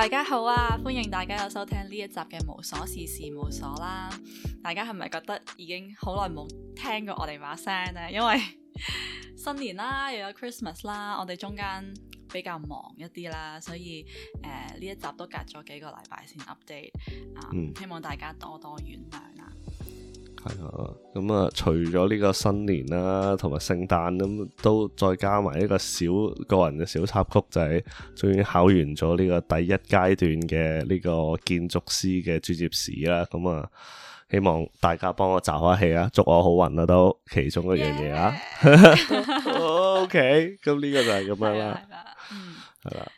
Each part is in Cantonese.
大家好啊！歡迎大家又收聽呢一集嘅無瑣事事務所啦。大家係咪覺得已經好耐冇聽過我哋把聲咧？因為 新年啦，又有 Christmas 啦，我哋中間比較忙一啲啦，所以誒呢、呃、一集都隔咗幾個禮拜先 update 啊、嗯。希望大家多多原諒啦、啊。咁啊、嗯嗯，除咗呢個新年啦、啊，同埋聖誕咁，都再加埋一個小個人嘅小插曲就係，終於考完咗呢個第一階段嘅呢個建築師嘅專業試啦、啊。咁、嗯、啊，希望大家幫我集下氣啊，祝我好運啊，都其中一樣嘢啊。OK，咁呢個就係咁樣啦。係啦。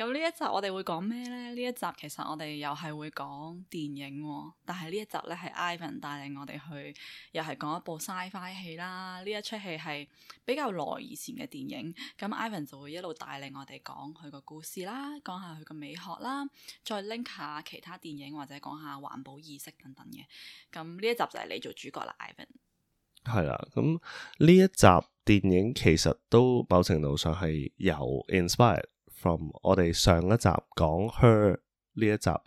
咁呢一集我哋會講咩呢？呢一集其實我哋、啊、又係會講電影，但係呢一集咧係 Ivan 帶領我哋去，又係講一部 Sci-Fi 戲啦。呢一出戲係比較耐以前嘅電影，咁 Ivan 就會一路帶領我哋講佢個故事啦，講下佢個美學啦，再 link 下其他電影或者講下環保意識等等嘅。咁呢一集就係你做主角啦，Ivan。係啦，咁呢一集電影其實都某程度上係由 inspired。From 我哋上一集講《Her》呢一集誒、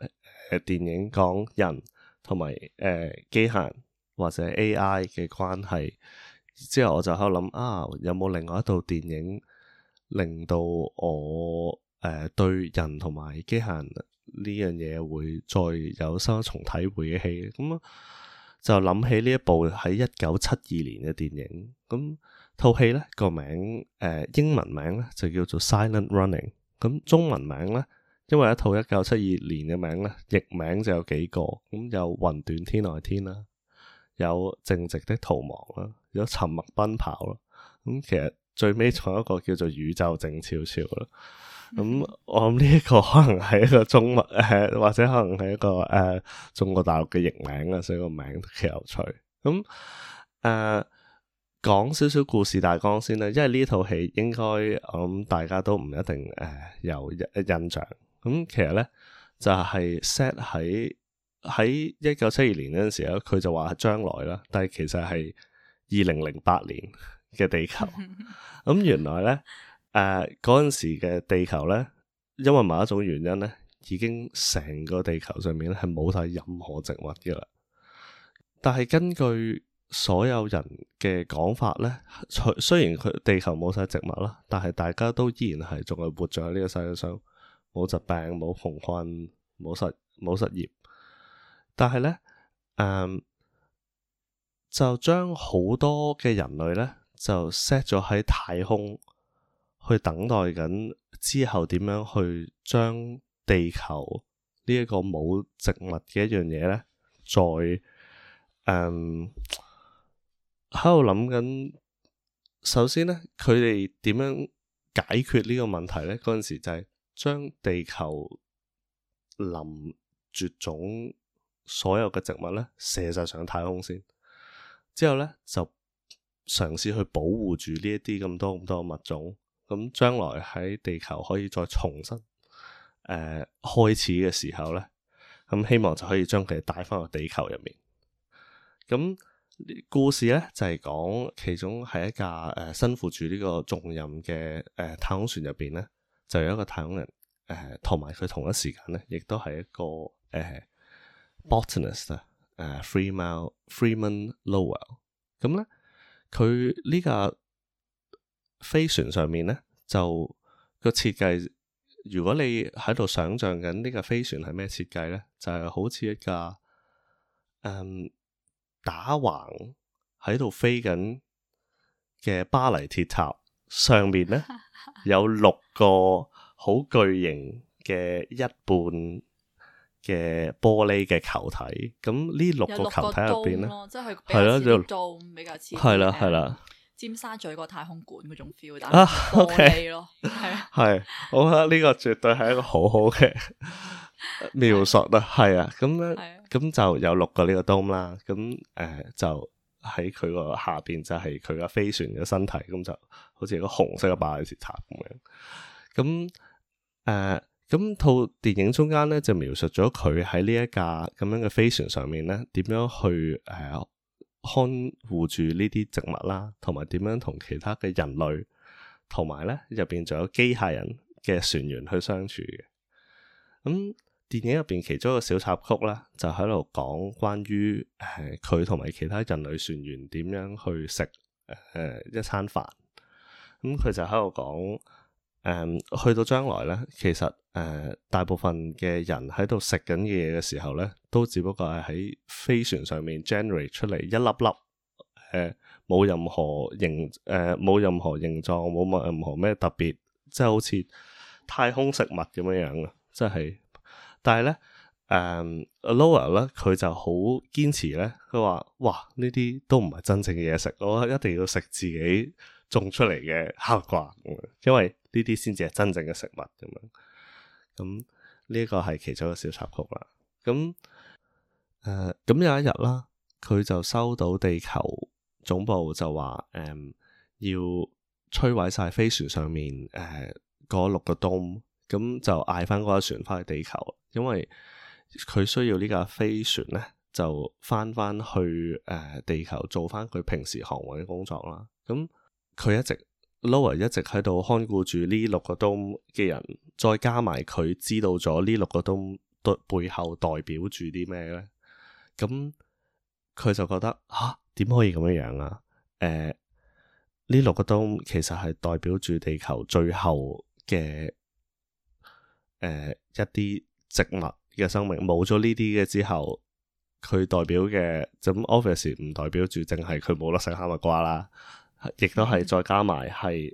呃、電影講人同埋誒機械或者 A.I. 嘅關係之後，我就喺度諗啊，有冇另外一套電影令到我誒、呃、對人同埋機械呢樣嘢會再有新一重體會嘅戲？咁就諗起呢一部喺一九七二年嘅電影，咁套戲呢，呢、呢個名誒、呃、英文名咧就叫做《Silent Running》。咁中文名咧，因為一套一九七二年嘅名咧，譯名就有幾個，咁有《雲斷天外天》啦，有《靜寂的逃亡》啦，有《沉默奔跑》啦，咁其實最尾仲有一個叫做《宇宙靜悄悄》啦。咁我諗呢一個可能係一個中文誒，或者可能係一個誒、呃、中國大陸嘅譯名啊，所以個名都幾有趣。咁誒。呃講少少故事大綱先啦，因為呢套戲應該我諗大家都唔一定誒、呃、有印象。咁、嗯、其實咧就係 set 喺喺一九七二年嗰陣時候，佢就話將來啦，但係其實係二零零八年嘅地球。咁、 嗯、原來咧誒嗰陣時嘅地球咧，因為某一種原因咧，已經成個地球上面咧係冇晒任何植物嘅啦。但係根據所有人嘅講法咧，雖然佢地球冇晒植物啦，但係大家都依然係仲係活咗喺呢個世界上，冇疾病、冇貧困、冇失冇失業，但係咧，嗯，就將好多嘅人類咧，就 set 咗喺太空去等待緊之後點樣去將地球呢一個冇植物嘅一樣嘢咧，再嗯。喺度諗緊，首先咧，佢哋點樣解決呢個問題咧？嗰陣時就係將地球臨絕種所有嘅植物咧，射晒上太空先，之後咧就嘗試去保護住呢一啲咁多咁多物種，咁、嗯、將來喺地球可以再重新，誒、呃、開始嘅時候咧，咁、嗯、希望就可以將佢哋帶翻去地球入面，咁、嗯。故事咧就係講，其中係一架誒、呃、身負住呢個重任嘅誒、呃、太空船入邊咧，就有一個太空人誒，同埋佢同一時間咧，亦都係一個誒 botanist 誒 Freeman Freeman Lowell 咁咧，佢、呃嗯呃嗯、呢架飛船上面咧，就、這個設計，如果你喺度想象緊呢架飛船係咩設計咧，就係、是、好似一架嗯。打橫喺度飛緊嘅巴黎鐵塔上面咧，有六個好巨型嘅一半嘅玻璃嘅球體，咁、嗯、呢六個球體入邊咧，即係係咯，做比較似，係啦係啦，尖沙咀個太空館嗰種 feel 啊，玻璃咯，係 okay,、啊，我覺得呢個絕對係一個好好嘅描述啦，係啊，咁樣。嗯咁就有六個呢個 Dome 啦，咁、呃、誒就喺佢個下邊就係佢個飛船嘅身體，咁就好似一個紅色嘅巴設塔咁樣。咁誒，咁、呃、套電影中間咧就描述咗佢喺呢一架咁樣嘅飛船上面咧，點樣去誒、呃、看護住呢啲植物啦，同埋點樣同其他嘅人類，同埋咧入邊仲有機械人嘅船員去相處嘅。咁電影入邊其中一個小插曲啦，就喺度講關於誒佢同埋其他人類船員點樣去食誒、呃、一餐飯。咁、嗯、佢就喺度講誒，去到將來咧，其實誒、呃、大部分嘅人喺度食緊嘅嘢嘅時候咧，都只不過係喺飛船上面 generate 出嚟一粒粒誒，冇、呃、任何形誒冇、呃、任何形狀，冇冇任何咩特別，即、就、係、是、好似太空食物咁樣樣嘅，即係。但係咧，誒、um,，阿 lower 咧，佢就好堅持咧。佢話：哇，呢啲都唔係真正嘅嘢食，我一定要食自己種出嚟嘅黑瓜，因為呢啲先至係真正嘅食物咁樣。咁呢一個係其中一個小插曲啦。咁、嗯、誒，咁、呃、有一日啦，佢就收到地球總部就話：誒、嗯，要摧毀晒飛船上面誒嗰、呃、六個 dome, 咁就嗌翻嗰架船翻去地球，因為佢需要呢架飛船咧，就翻翻去誒地球做翻佢平時航運嘅工作啦。咁、嗯、佢一直 Lower 一直喺度看顧住呢六個 dome 嘅人，再加埋佢知道咗呢六個 dome 背背後代表住啲咩咧？咁、嗯、佢就覺得吓，點、啊、可以咁樣樣啊？誒、呃，呢六個 dome 其實係代表住地球最後嘅。誒、呃，一啲植物嘅生命冇咗呢啲嘅之後，佢代表嘅咁 of course 唔代表住，淨係佢冇得食哈密瓜啦，亦都係、嗯、再加埋係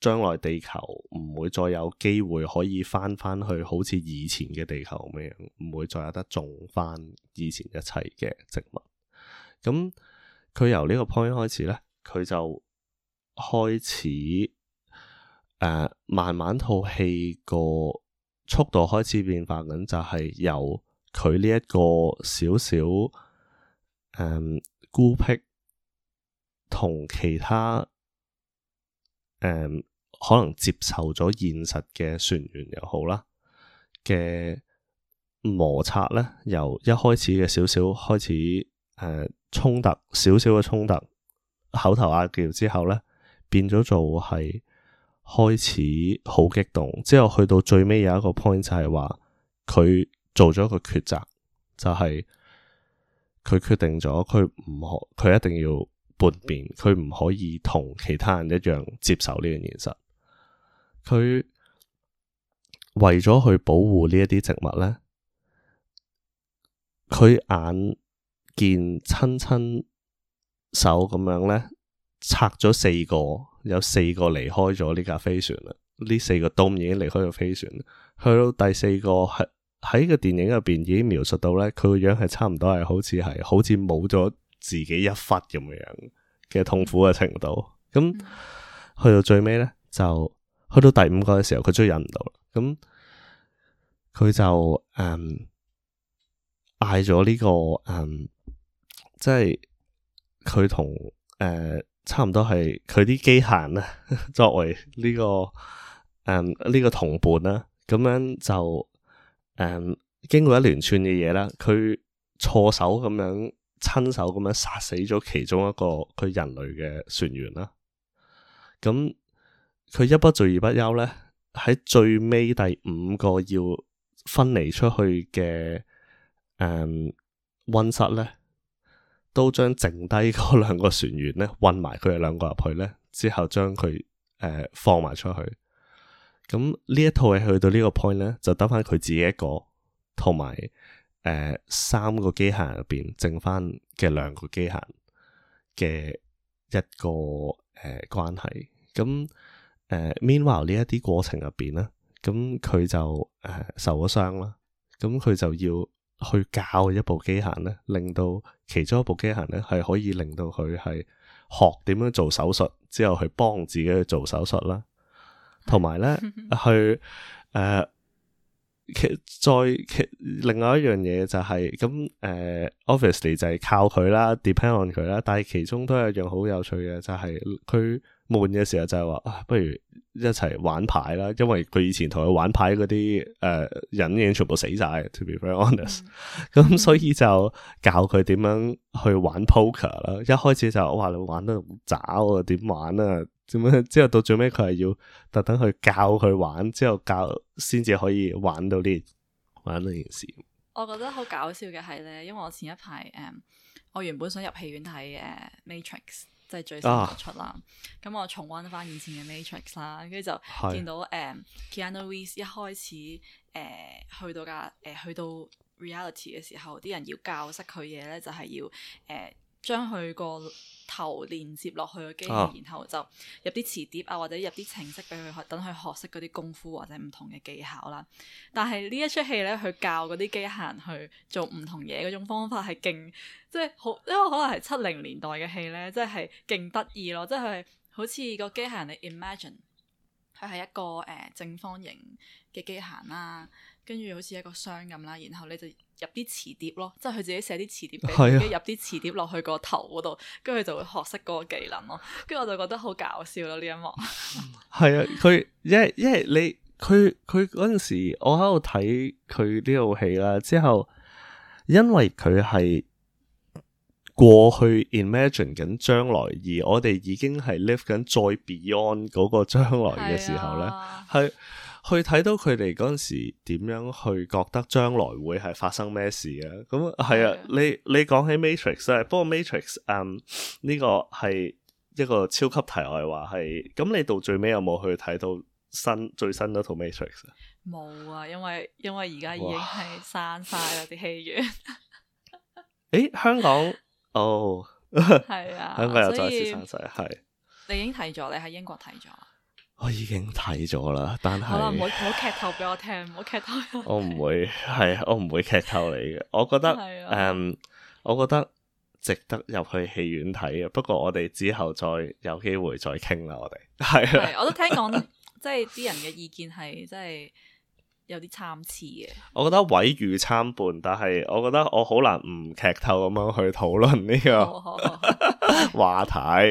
將來地球唔會再有機會可以翻翻去好似以前嘅地球咁樣，唔會再有得種翻以前一切嘅植物。咁、嗯、佢由呢個 point 開始咧，佢就開始誒、呃、慢慢套戲個。速度開始變化緊，就係、是、由佢呢一個少少誒孤僻，同其他誒、嗯、可能接受咗現實嘅船員又好啦嘅摩擦咧，由一開始嘅少少開始誒衝、嗯、突，少少嘅衝突，口頭嗌交之後咧，變咗做係。開始好激動，之後去到最尾有一個 point 就係話佢做咗一個抉擇，就係、是、佢決定咗佢唔可，佢一定要叛變，佢唔可以同其他人一樣接受呢個現實。佢為咗去保護呢一啲植物咧，佢眼見親親手咁樣咧拆咗四個。有四個離開咗呢架飛船啦，呢四個都已經離開咗飛船，去到第四個係喺個電影入邊已經描述到咧，佢個樣係差唔多係好似係好似冇咗自己一忽咁樣嘅痛苦嘅程度。咁、嗯、去到最尾咧，就去到第五個嘅時候，佢終於忍唔到啦。咁、嗯、佢就嗯嗌咗呢個嗯，即係佢同誒。差唔多係佢啲機械咧，作為呢、這個嗯呢、這個同伴啦，咁樣就嗯經過一連串嘅嘢啦，佢錯手咁樣親手咁樣殺死咗其中一個佢人類嘅船員啦。咁、嗯、佢一不做二不休咧，喺最尾第五個要分離出去嘅嗯溫室咧。都將剩低嗰兩個船員咧，混埋佢哋兩個入去咧，之後將佢誒、呃、放埋出去。咁、嗯、呢一套係去到呢個 point 咧，就得翻佢自己一個，同埋誒三個機械入邊剩翻嘅兩個機械嘅一個誒、呃、關係。咁、嗯、誒、呃、meanwhile 呢一啲過程入邊咧，咁、嗯、佢就誒、呃、受咗傷啦。咁、嗯、佢就要去教一部機械咧，令到。其中一部機械咧，係可以令到佢係學點樣做手術，之後去幫自己去做手術啦，同埋咧去誒、呃，其再其另外一樣嘢就係咁誒，Obviously 就係靠佢啦，depend on 佢啦，但係其中都有一樣好有趣嘅就係佢悶嘅時候就係話啊，不如。一齊玩牌啦，因為佢以前同佢玩牌嗰啲誒人已經全部死晒。To be very honest。咁所以就教佢點樣去玩 poker 啦。一開始就我話你玩得咁渣，啊，點玩啊？點樣之後到最尾，佢係要特登去教佢玩，之後教先至可以玩到啲玩到件事。我覺得好搞笑嘅係咧，因為我前一排誒，um, 我原本想入戲院睇誒、uh, Matrix。即係最新出、啊、啦，咁我重溫翻以前嘅 Matrix 啦，跟住就見到誒是、uh, Keanu Reeves 一開始誒、uh, 去到架誒、uh, 去到 Reality 嘅時候，啲人要教識佢嘢咧，就係要誒。將佢個頭連接落去個機器，啊、然後就入啲磁碟啊，或者入啲程式俾佢學，等佢學識嗰啲功夫或者唔同嘅技巧啦。但係呢一出戲咧，佢教嗰啲機械人去做唔同嘢嗰種方法係勁，即係好，因為可能係七零年代嘅戲咧，即係係勁得意咯，即係佢係好似個機械人嚟。Imagine 佢係一個誒、呃、正方形嘅機械人啦，跟住好似一個箱咁啦，然後你就。入啲磁碟咯，即係佢自己寫啲磁碟俾佢，入啲磁碟落去個頭嗰度，跟住佢就會學識嗰個技能咯。跟住我就覺得好搞笑咯呢一幕。係、嗯、 啊，佢、yeah, yeah, 因為因為你佢佢嗰陣時，我喺度睇佢呢套戲啦，之後因為佢係過去 imagine 緊將來，而我哋已經係 live 緊再 beyond 嗰個將來嘅時候咧，係、啊。.去睇到佢哋嗰陣時點樣去覺得將來會係發生咩事啊？咁係啊，你你講起 Matrix 啊，不過 Matrix 嗯、um, 呢個係一個超級題外話，係。咁你到最尾有冇去睇到新最新嗰套 Matrix 啊？冇啊，因為因為而家已經係刪晒有啲戲院。哇氣 誒，香港哦，係、oh. 啊，晒 是。又再次你已經睇咗，你喺英國睇咗。我已經睇咗啦，但係唔好唔好劇透俾我聽，唔好劇透我我。 我唔會係我唔會劇透你嘅。我覺得，嗯 的，um, 我覺得值得入去戲院睇嘅。不過我哋之後再有機會再傾啦。我哋係我都聽講， 即係啲人嘅意見係，真係有啲參差嘅。我覺得毀譽參半，但係我覺得我好難唔劇透咁樣去討論呢個話題。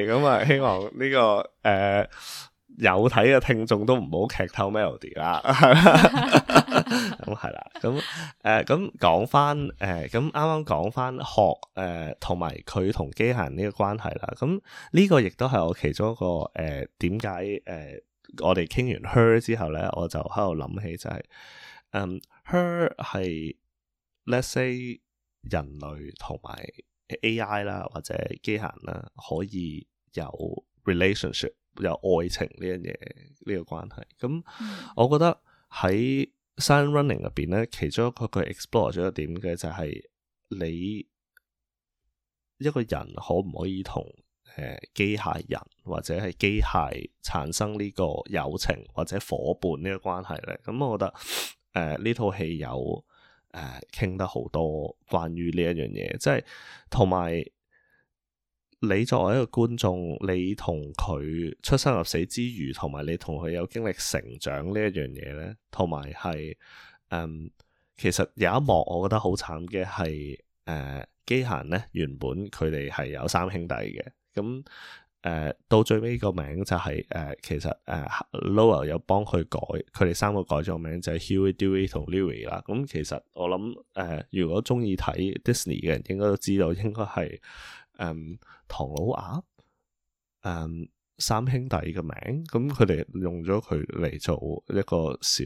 咁啊，希望呢個誒。呃有睇嘅聽眾都唔好劇透 Melody 啦，咁係啦，咁誒咁講翻誒咁啱啱講翻學誒同埋佢同機械人呢個關係啦。咁、嗯、呢、這個亦都係我其中一個誒點解誒我哋傾完 her 之後咧，我就喺度諗起就係、是、嗯 her 係 let's say 人類同埋 AI 啦或者機械人啦可以有 relationship。有愛情呢樣嘢呢個關係，咁、嗯、我覺得喺《Silent Running》入邊咧，其中一個佢 explore 咗一點嘅就係你一個人可唔可以同誒、呃、機械人或者係機械產生呢個友情或者伙伴呢個關係咧？咁我覺得誒呢套戲有誒傾、呃、得好多關於呢一樣嘢，即係同埋。你作為一個觀眾，你同佢出生入死之餘，同埋你同佢有經歷成長呢一樣嘢咧，同埋係嗯，其實有一幕我覺得好慘嘅係誒機械咧，原本佢哋係有三兄弟嘅，咁誒、呃、到最尾個名就係、是、誒、呃、其實誒、呃、Lowell 有幫佢改，佢哋三個改咗名就係、是、Huey、Dewey 同 Louie 啦。咁、嗯、其實我諗誒、呃，如果中意睇 Disney 嘅人應該都知道，應該係嗯。唐老鴨，嗯、um,，三兄弟嘅名，咁佢哋用咗佢嚟做一個小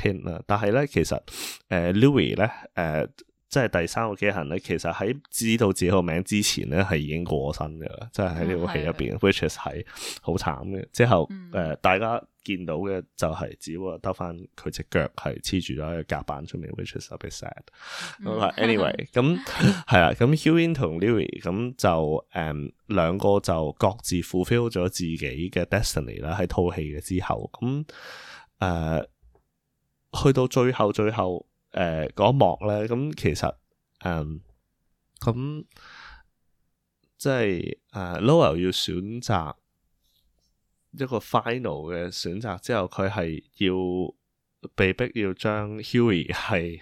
hint 啦。但係咧，其實，誒、呃、，Louis 咧，誒、呃。即係第三個機械人咧，其實喺知道自己個名之前咧，係已經過身嘅，即係喺呢部戲入邊，Which is 係好慘嘅。之後誒、嗯呃，大家見到嘅就係只不過得翻佢隻腳係黐住咗喺個夾板出面、嗯、，Which is a bit sad、嗯。咁 Anyway 咁係啊。咁 Hughie 同 Lily 咁就誒兩、嗯、個就各自 fulfil 咗自己嘅 destiny 啦。喺套戲嘅之後，咁誒、嗯呃、去到最後，最後，最後。誒嗰、呃、一幕咧，咁其實，嗯，咁、嗯、即係誒、呃、Lowell 要選擇一個 final 嘅選擇之後，佢係要被逼要將 Huey 係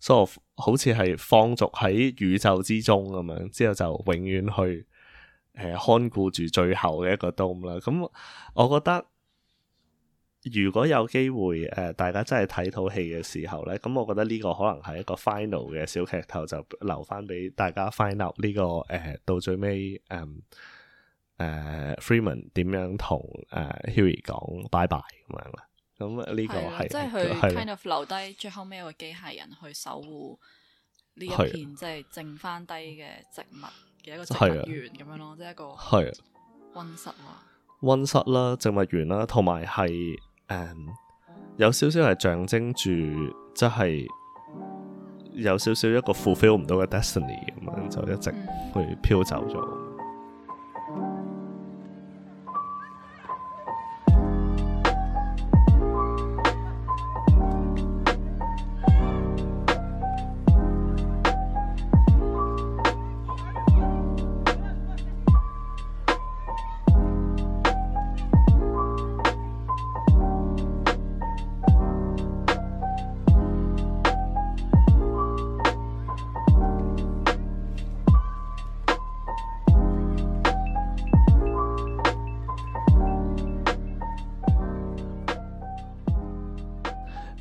所好似係放逐喺宇宙之中咁樣，之後就永遠去誒、呃、看顧住最後嘅一個 dome 啦。咁、嗯、我覺得。如果有機會，誒、呃，大家真係睇套戲嘅時候咧，咁、嗯、我覺得呢個可能係一個 final 嘅小劇頭，就留翻俾大家 find out 呢個誒到最尾誒誒 Freeman 點樣同誒 Huey 講 bye bye 咁樣啦。咁呢個係即係佢 kind of 留低最後尾一個機械人去守護呢一片、啊、即係剩翻低嘅植物嘅、啊、一個植物園咁樣咯，啊、即係一個溫室嘛、啊。溫室啦，植物園啦、啊，同埋係。誒，um, 有少少係象徵住，即係有少少一個 fulfill 唔到嘅 destiny 咁樣，就一直去飄走咗。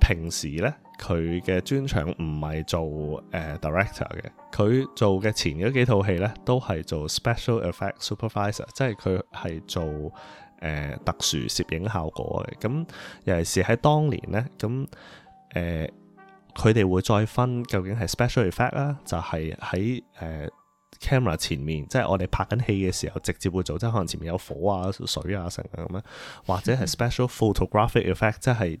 平時咧，佢嘅專長唔係做誒、uh, director 嘅，佢做嘅前嗰幾套戲咧，都係做 special effect supervisor，即係佢係做誒、uh, 特殊攝影效果嘅。咁尤其是喺當年咧，咁誒佢哋會再分究竟係 special effect 啦，就係喺誒 camera 前面，即係我哋拍緊戲嘅時候，直接會做，即係可能前面有火啊、水啊成咁樣，或者係 special photographic effect，、嗯、即係。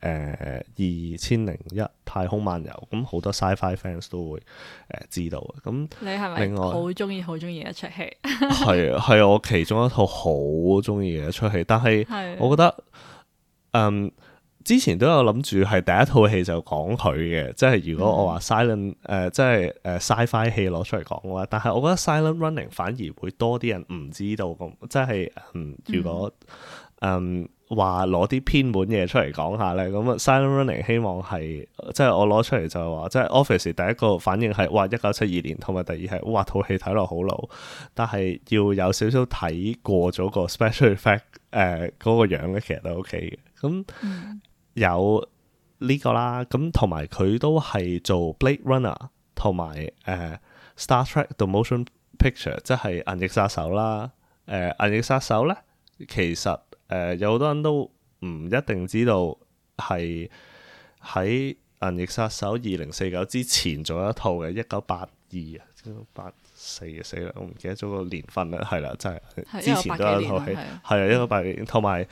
誒、呃，二千零一太空漫遊，咁、嗯、好多 sci-fi fans 都會誒、呃、知道咁、嗯、你係咪另外？好中意，好中意一齣戲。係 啊，係我其中一套好中意嘅一齣戲。但係我覺得，嗯，之前都有諗住係第一套戲就講佢嘅，即係如果我話 Silent 誒、呃，即係誒，sci-fi 戲攞出嚟講嘅話，但係我覺得 Silent Running 反而會多啲人唔知道咁，即係嗯，如果嗯。嗯話攞啲偏門嘢出嚟講下咧，咁啊，Silent Running 希望係即係我攞出嚟就係話，即係 Office 第一個反應係哇一九七二年，同埋第二係哇套戲睇落好老，但係要有少少睇過咗個 Special Effect 誒、呃、嗰、那個樣咧，其實都 OK 嘅。咁、嗯、有呢個啦，咁同埋佢都係做 Blade Runner 同埋誒 Star Trek The Motion Picture，即係銀翼殺手啦。誒、呃、銀翼殺手咧，其實。誒、呃、有好多人都唔一定知道係喺《銀翼殺手二零四九》之前做一套嘅一九八二啊，一九八四啊，死啦！我唔記得咗個年份啦，係啦，真係是之前嗰一套戲係啊，一九八二。同埋《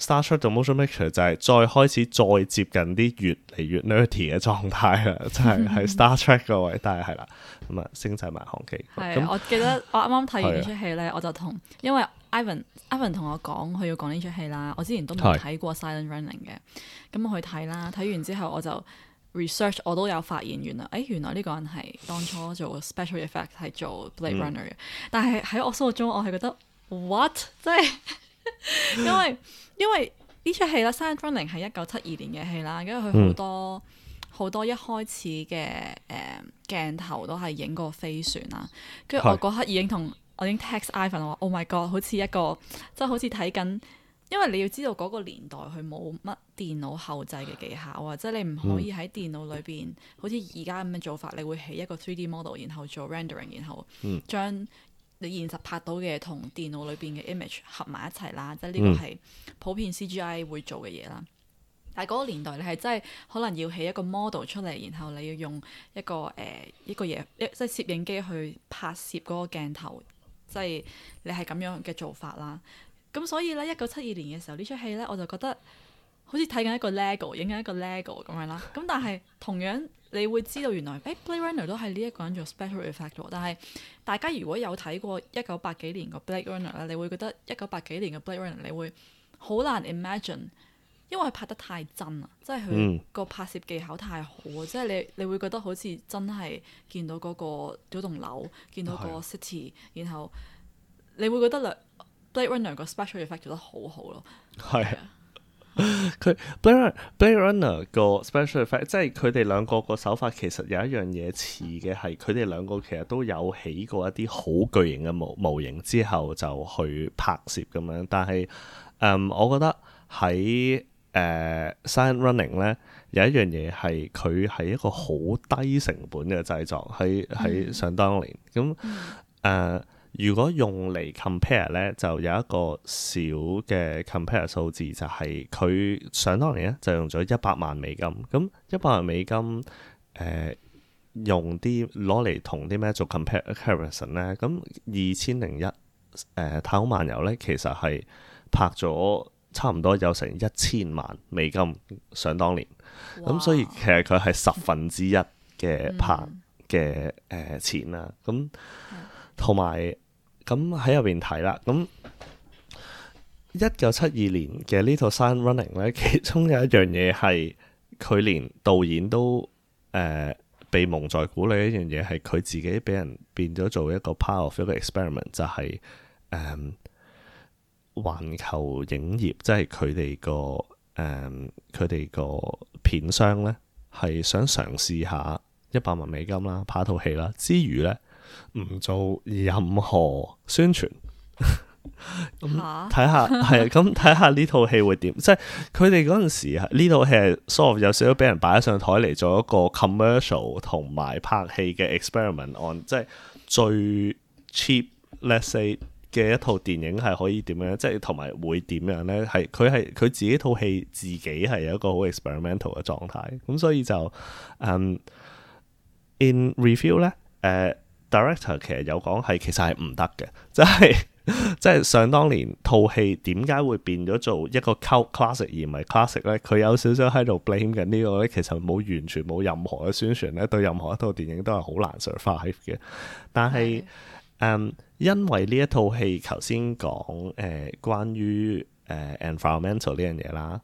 Star Trek》同《Motion Picture》就係再開始再接近啲越嚟越 nerdy 嘅狀態啦，真係喺《Star Trek》個位，但係係啦，咁啊，星際迷航期係啊，的嗯、我記得我啱啱睇完呢出戲咧，我就同因為。Ivan, Ivan 同我講佢要講呢出戲啦。我之前都冇睇過 Sil《Silent Running 是》嘅，咁我去睇啦。睇完之後我就 research，我都有發現原、欸，原來誒，原來呢個人係當初做 special effect，係做《Blade Runner》嘅、嗯。但係喺我心目中，我係覺得 what，即係 因為 因為呢出戲啦，《Silent Running》係一九七二年嘅戲啦，因為佢好多好、嗯、多一開始嘅誒鏡頭都係影過飛船啦，跟住我嗰刻已經同。我已經 text iPhone，我話：Oh my god！好似一個即係好似睇緊，因為你要知道嗰個年代佢冇乜電腦後製嘅技巧啊！即係你唔可以喺電腦裏邊，嗯、好似而家咁嘅做法，你會起一個 three D model，然後做 rendering，然後將你現實拍到嘅同電腦裏邊嘅 image 合埋一齊啦！即係呢個係普遍 CGI 會做嘅嘢啦。但係嗰個年代你係真係可能要起一個 model 出嚟，然後你要用一個誒、呃、一個嘢即係攝影機去拍攝嗰個鏡頭。即係你係咁樣嘅做法啦，咁所以呢，一九七二年嘅時候呢，出戲呢，我就覺得好似睇緊一個 Lego，影緊一個 Lego 咁樣啦。咁但係同樣你會知道原來，誒、欸、Blade Runner 都係呢一個人做 special effect 嘅。但係大家如果有睇過一九八幾年嘅 Blade Runner 啦，你會覺得一九八幾年嘅 Blade Runner，你會好難 imagine。因為拍得太真啦，即係佢個拍攝技巧太好，嗯、即係你你會覺得好似真係見到嗰個嗰棟樓， 見到個 city，的然後你會覺得兩 Blade Runner 個 special effect 做得好好咯。係啊，佢 Blade Runner 個 special effect，即係佢哋兩個個手法其實有一樣嘢似嘅，係佢哋兩個其實都有起過一啲好巨型嘅模模型之後就去拍攝咁樣。但係，嗯，我覺得喺誒《Silent、uh, Running》咧有一樣嘢係佢係一個好低成本嘅製作，喺喺想當年咁誒。 uh, 如果用嚟 compare 咧，就有一個小嘅 compare 數字，就係佢想當年咧就用咗一百萬美金，咁一百萬美金誒、呃、用啲攞嚟同啲咩做 compare comparison 咧，咁二千零一誒太空漫遊咧其實係拍咗，差唔多有成一千萬美金，想當年，咁哇所以其實佢係十分之一嘅拍嘅誒錢啦，咁同埋咁喺入邊睇啦，咁一九七二年嘅呢套《Silent Running》咧，其中有一樣嘢係佢連導演都誒、呃、被蒙在鼓裏一樣嘢係佢自己俾人變咗做一個 part of 一個 experiment，就係、是、誒。呃環球影業即係佢哋個誒，佢哋個片商咧，係想嘗試下一百萬美金啦，拍一套戲啦，之餘咧唔做任何宣傳，咁睇下係啊，咁睇下呢套戲會點？即係佢哋嗰陣時啊，呢套戲係 sort of 有少少俾人擺咗上台嚟做一個 commercial 同埋拍戲嘅 experiment on，即係最 cheap，let's say。嘅一套電影係可以點樣？即係同埋會點樣咧？係佢係佢自己套戲，自己係有一個好 experimental 嘅狀態。咁所以就嗯、um，in review 咧，誒、uh, director 其實有講係其實係唔得嘅，即係即係想當年套戲點解會變咗做一個 class classic 而唔係 classic 咧？佢有少少喺度 blame 緊呢個咧，其實冇完全冇任何嘅宣傳咧，對任何一套電影都係好難 survive 嘅。但係嗯。Um, 因為呢一套戲頭先講誒關於誒 environmental 呢樣嘢啦，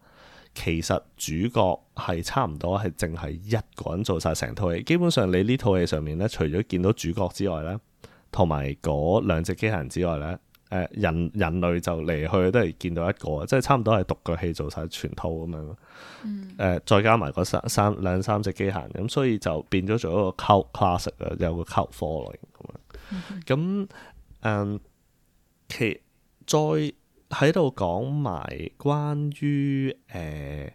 其實主角係差唔多係淨係一個人做晒成套戲。基本上你呢套戲上面咧，除咗見到主角之外咧，同埋嗰兩隻機械人之外咧，誒、呃、人人類就離去都係見到一個，即係差唔多係獨腳戲做晒全套咁樣。誒、嗯呃、再加埋嗰三三兩三隻機械人，咁、嗯、所以就變咗做一個 cult、嗯、classic 有個 cult following 咁樣咁。嗯，um, 其再喺度講埋關於誒，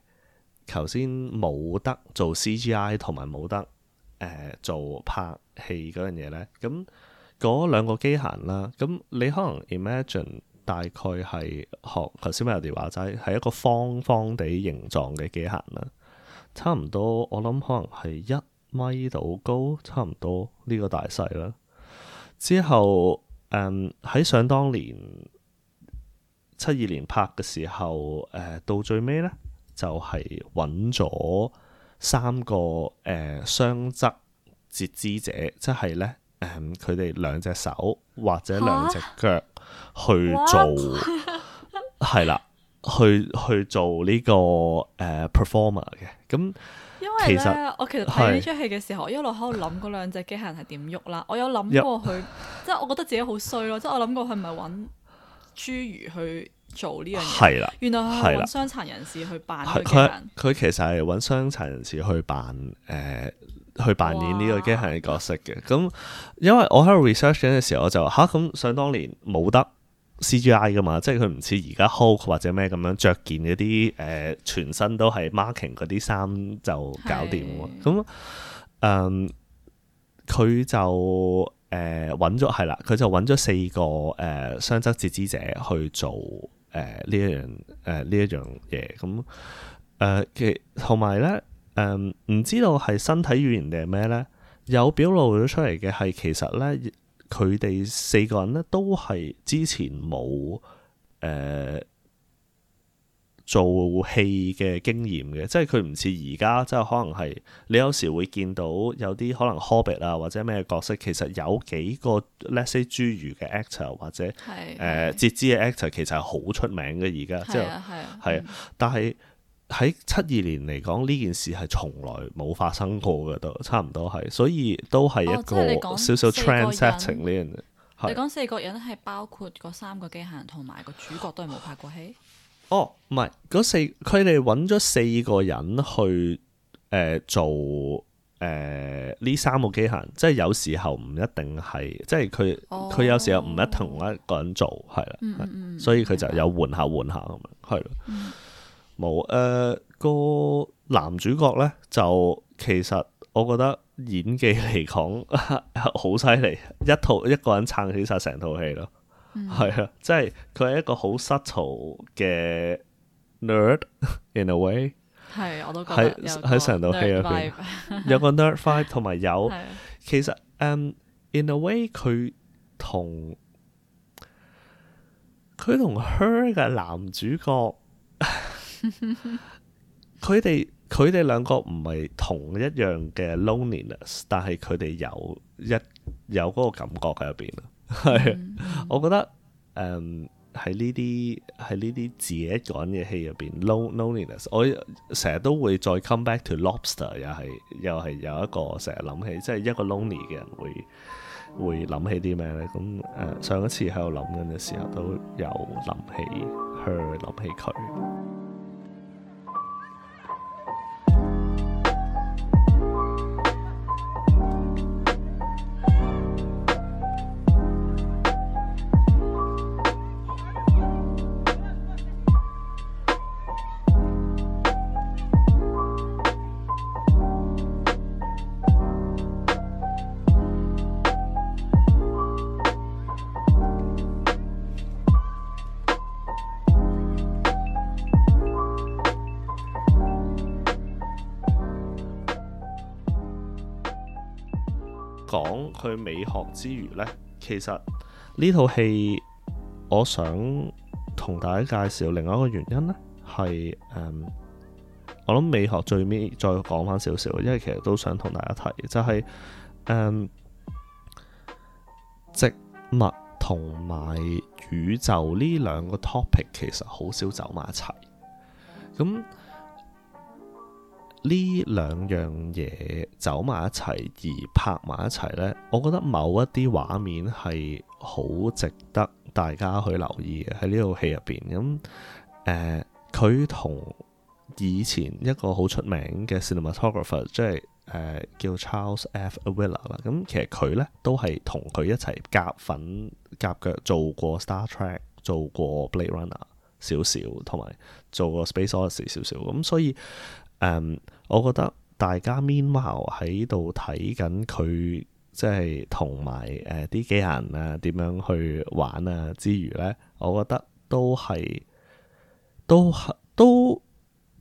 頭先冇得做 CGI 同埋冇得誒、呃、做拍戲嗰樣嘢咧。咁嗰兩個機械啦，咁你可能 imagine 大概係學頭先有電話仔係一個方方地形狀嘅機械啦，差唔多我諗可能係一米到高，差唔多呢個大細啦。之後。誒，喺想、嗯、當年七二年拍嘅時候，誒、呃、到最尾咧，就係揾咗三個誒雙側截肢者，即係咧，誒佢哋兩隻手或者兩隻腳去做，係啦蛤，去去做呢、這個誒 performer 嘅咁。呃因為咧，其實我其實睇呢出戲嘅時候，是我一路喺度諗嗰兩隻機械人係點喐啦。我有諗過佢，即係 我覺得自己好衰咯。即、就、係、是、我諗過佢唔係揾侏儒去做呢樣嘢，係啦的。原來係啦，揾傷殘人士去扮佢。佢其實係揾傷殘人士去扮，誒、呃，去扮演呢個機械人角色嘅。咁哇因為我喺度 research 緊嘅時候，我就吓咁，想、啊、當年冇得。C.G.I. 㗎嘛，即係佢唔似而家 Hulk 或者咩咁樣着件嗰啲誒，全身都係 marking 嗰啲衫就搞掂喎。咁，誒佢就誒搵咗係啦，佢、呃嗯、就搵咗四個誒、呃、雙側截肢者去做誒呢、呃、一樣誒呢、呃、一樣嘢。咁、嗯、誒、呃、其同埋咧誒唔知道係身體語言定係咩咧？有表露咗出嚟嘅係其實咧。佢哋四個人咧都係之前冇誒、呃、做戲嘅經驗嘅，即係佢唔似而家，即係可能係你有時會見到有啲可能 Hobbit 啊或者咩角色，其實有幾個 let’s say 侏儒嘅 actor 或者誒係、呃、截肢嘅 actor 其實係好出名嘅而家，係即係係係，嗯、但係。喺七二年嚟講，呢件事係從來冇發生過嘅，都差唔多係，所以都係一個、哦、少少 trendsetting 呢樣嘢。你講四個人係包括嗰三個機械人同埋個主角都係冇拍過戲。哦，唔係，四佢哋揾咗四個人去誒、呃、做誒呢、呃、三個機械人，即係有時候唔一定係，即係佢佢有時候唔一同一個人做，係啦，嗯嗯嗯、所以佢就有換下換下咁樣，係咯。嗯冇，誒、呃、那個男主角咧就其實我覺得演技嚟講好犀利，一套一個人撐起晒成套戲咯，係、嗯、啊，即係佢係一個好 subtle 嘅 nerd in a way，係、嗯、在我都覺得喺喺成套戲入、啊、邊 nerd vibe 有個 nerd vibe 同埋有，有、 啊、其實誒、um, in a way 佢同佢同 her 嘅男主角。佢哋佢哋兩個唔係同一樣嘅 loneliness，但係佢哋有一有個感覺喺入邊係， 我覺得誒，喺呢啲喺呢啲自己講嘅戲入邊，lon loneliness 我成日都會再 come back to lobster，又係又係有一個成日諗起，即係一個 lonely 嘅人會會諗起啲咩咧？咁誒，上一次喺度諗緊嘅時候，都有諗起佢諗起佢。其實呢套戲，我想同大家介紹另外一個原因呢係、嗯、我諗美學最尾再講翻少少，因為其實都想同大家提，就係、誒嗯、植物同埋宇宙呢兩個 topic 其實好少走埋一齊，咁、嗯。呢兩樣嘢走埋一齊而拍埋一齊呢，我覺得某一啲畫面係好值得大家去留意嘅喺呢套戲入邊。咁誒，佢、嗯、同、呃、以前一個好出名嘅 cinematographer，即係誒、呃、叫 Charles F. Avila 啦、嗯。咁其實佢呢都係同佢一齊夾粉夾腳做過 Star Trek，做過 Blade Runner 少少，同埋做過 Space Odyssey 少少。咁、嗯、所以誒。嗯我覺得大家 meanwhile 喺度睇緊佢，即係同埋誒啲機械人啊點樣去玩啊之餘呢，我覺得都係都都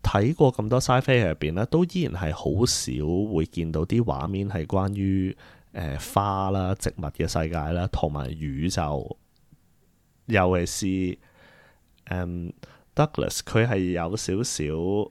睇過咁多 s sci-fi 入邊呢，都依然係好少會見到啲畫面係關於誒、呃、花啦、植物嘅世界啦，同埋宇宙。尤其是、嗯、Douglas，佢係有少少。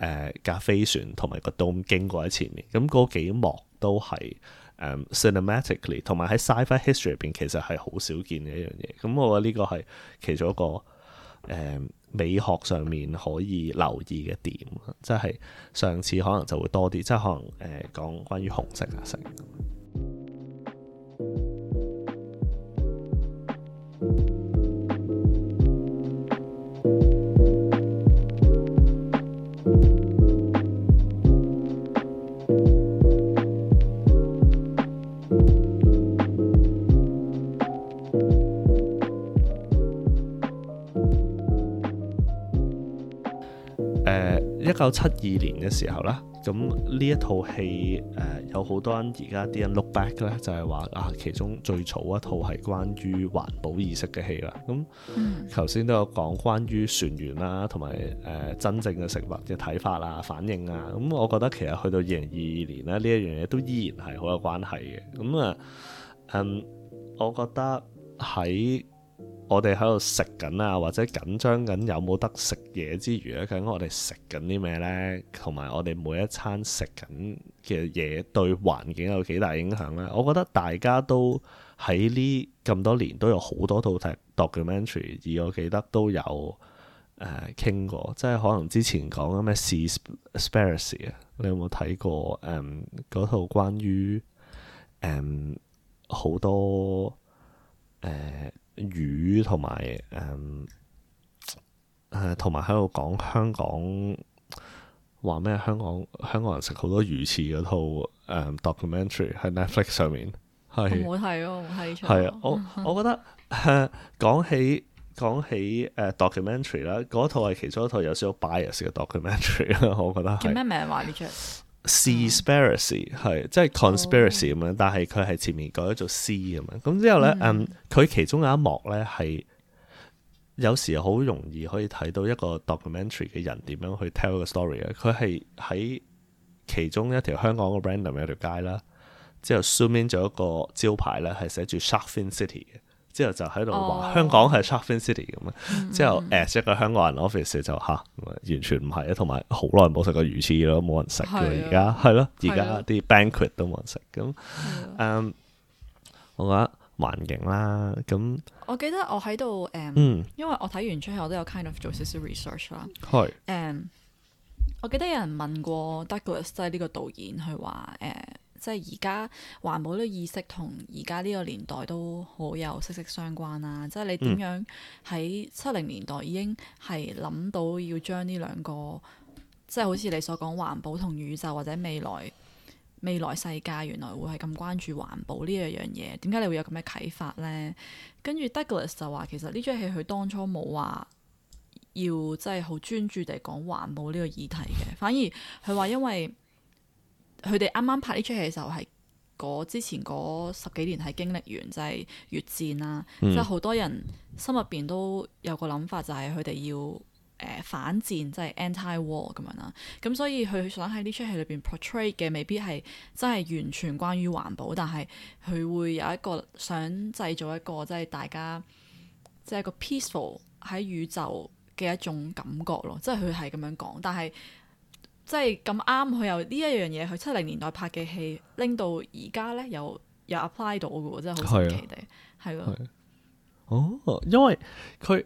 誒架、呃、飛船同埋個 dome 經過喺前面，咁嗰幾幕都係誒、呃、cinematically，同埋喺 sci-fi history 入邊其實係好少見嘅一樣嘢，咁我覺得呢個係其中一個誒、呃、美學上面可以留意嘅點，即係上次可能就會多啲，即係可能誒講、呃、關於紅色啊成。一九七二年嘅時候啦，咁呢一套戲誒、呃、有好多人而家啲人 look back 咧，就係話啊其中最早一套係關於環保意識嘅戲啦。咁頭先都有講關於船員啦，同埋誒真正嘅食物嘅睇法啊、反應啊。咁、嗯、我覺得其實去到二零二二年咧，呢一樣嘢都依然係好有關係嘅。咁、嗯、啊，嗯，我覺得喺我哋喺度食緊啊，或者緊張緊有冇得食嘢之馀咧，究竟我哋食緊啲咩咧？同埋我哋每一餐食緊嘅嘢對環境有幾大影響咧？我覺得大家都喺呢咁多年都有好多套 documentary，而我記得都有誒傾過，即係可能之前講緊咩 Seaspiracy 啊？你有冇睇過誒嗰套關於誒好多誒？魚同埋，誒，誒、呃，同埋喺度講香港，話咩？香港香港人食好多魚翅嗰套，誒、嗯、documentary 喺 Netflix 上面，係冇睇咯，係係啊，我 我，我覺得講、呃、起講起誒 documentary 啦，嗰套係其中一套有少少 bias 嘅 documentary 我覺得。叫咩名話呢出？ Seaspiracy 係即係 conspiracy 咁樣，哦，但係佢係前面改咗做 C 咁樣，咁之後咧，嗯，佢、嗯、其中有一幕咧係有時好容易可以睇到一個 documentary 嘅人點樣去 tell 個 story 啊，佢係喺其中一條香港嘅 random 有條街啦，之後 zoom in 咗一個招牌咧係寫住 Sharkfin City 嘅。之後就喺度話香港係 Shark Fin City 咁樣，之後誒、嗯嗯、一個香港人 office 就吓、啊，完全唔係啊，同埋好耐冇食過魚翅咯，冇人食嘅而家係咯，而家啲 banquet 都冇人食咁誒。了 um, 我覺得環境啦，咁我記得我喺度誒，um, 嗯、因為我睇完之後我都有 kind of 做些少 research 啦，係誒是。Um, 我記得有人問過 Douglas 即係呢個導演佢話誒。即係而家環保呢個意識同而家呢個年代都好有息息相關啦、啊！嗯、即係你點樣喺七零年代已經係諗到要將呢兩個，即係好似你所講環保同宇宙或者未來未來世界，原來會係咁關注環保呢一樣嘢？點解你會有咁嘅啟發呢？跟住 Douglas 就話，其實呢出戲佢當初冇話要即係好專注地講環保呢個議題嘅，反而佢話因為。佢哋啱啱拍呢出戲嘅時候，係嗰之前嗰十幾年係經歷完，就係、是、越戰啦，即係好多人心入邊都有個諗法就，就係佢哋要誒反戰，即、就、係、是、anti war 咁樣啦。咁所以佢想喺呢出戲裏邊 portray 嘅，未必係真係完全關於環保，但係佢會有一個想製造一個即係、就是、大家即係、就是、個 peaceful 喺宇宙嘅一種感覺咯。即係佢係咁樣講，但係。即係咁啱，佢由呢一樣嘢，佢七零年代拍嘅戲拎到而家咧，又又 apply 到嘅喎，真係好神奇嘅，係咯的。的哦，因為佢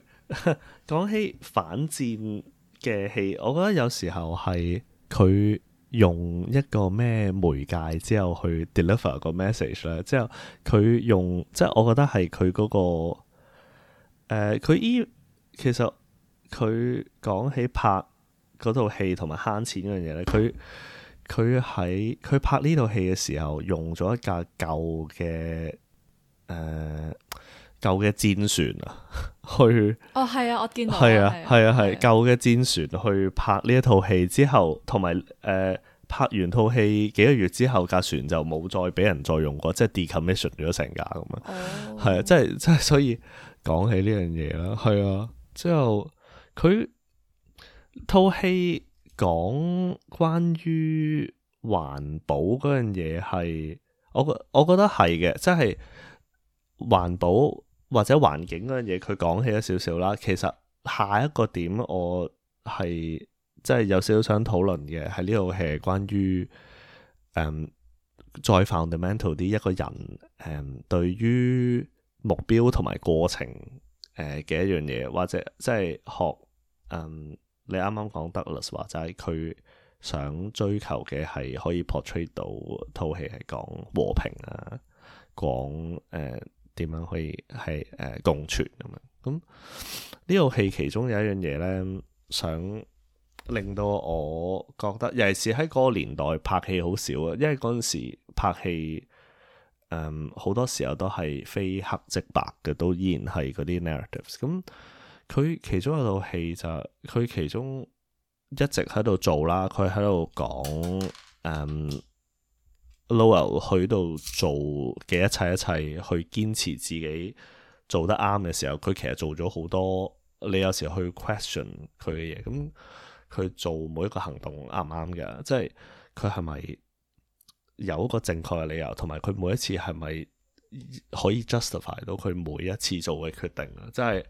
講起反戰嘅戲，我覺得有時候係佢用一個咩媒介之後去 deliver 個 message 咧，之後佢用即係我覺得係佢嗰個誒，佢、呃、依、e, 其實佢講起拍。嗰套戲同埋慳錢嗰樣嘢咧，佢佢喺佢拍呢套戲嘅時候用咗一架舊嘅誒、呃、舊嘅戰船啊，去哦係啊，我見到係啊係啊係、啊啊啊、舊嘅戰船去拍呢一套戲之後，同埋誒拍完套戲幾個月之後，架船就冇再俾人再用過，即係 decommission 咗成架咁樣，係、哦、啊，即係即係所以講起呢樣嘢啦，係啊，之後佢。套戲講關於環保嗰樣嘢係，我覺我覺得係嘅，即係環保或者環境嗰樣嘢，佢講起咗少少啦。其實下一個點我係即係有少少想討論嘅，喺呢度係關於誒、嗯、再 fundamental 啲一,一個人誒、嗯、對於目標同埋過程誒嘅、嗯、一樣嘢，或者即係學嗯。你啱啱講 Douglas 話齋，佢想追求嘅係可以 portray 到套戲係講和平啊，講誒點樣可以係誒、呃、共存咁、啊、樣。咁呢套戲其中有一樣嘢咧，想令到我覺得，尤其是喺嗰個年代拍戲好少啊，因為嗰陣時拍戲誒好多時候都係非黑即白嘅，都依然係嗰啲 narratives 咁。佢其中一套戲就，佢其中一直喺度做啦，佢喺度講，誒，Luo 去度做嘅一切一切，去堅持自己做得啱嘅時候，佢其實做咗好多，你有時去 question 佢嘅嘢，咁佢做每一個行動啱唔啱嘅，即係佢係咪有一個正確嘅理由，同埋佢每一次係咪？可以 justify 到佢每一次做嘅決定啊，即係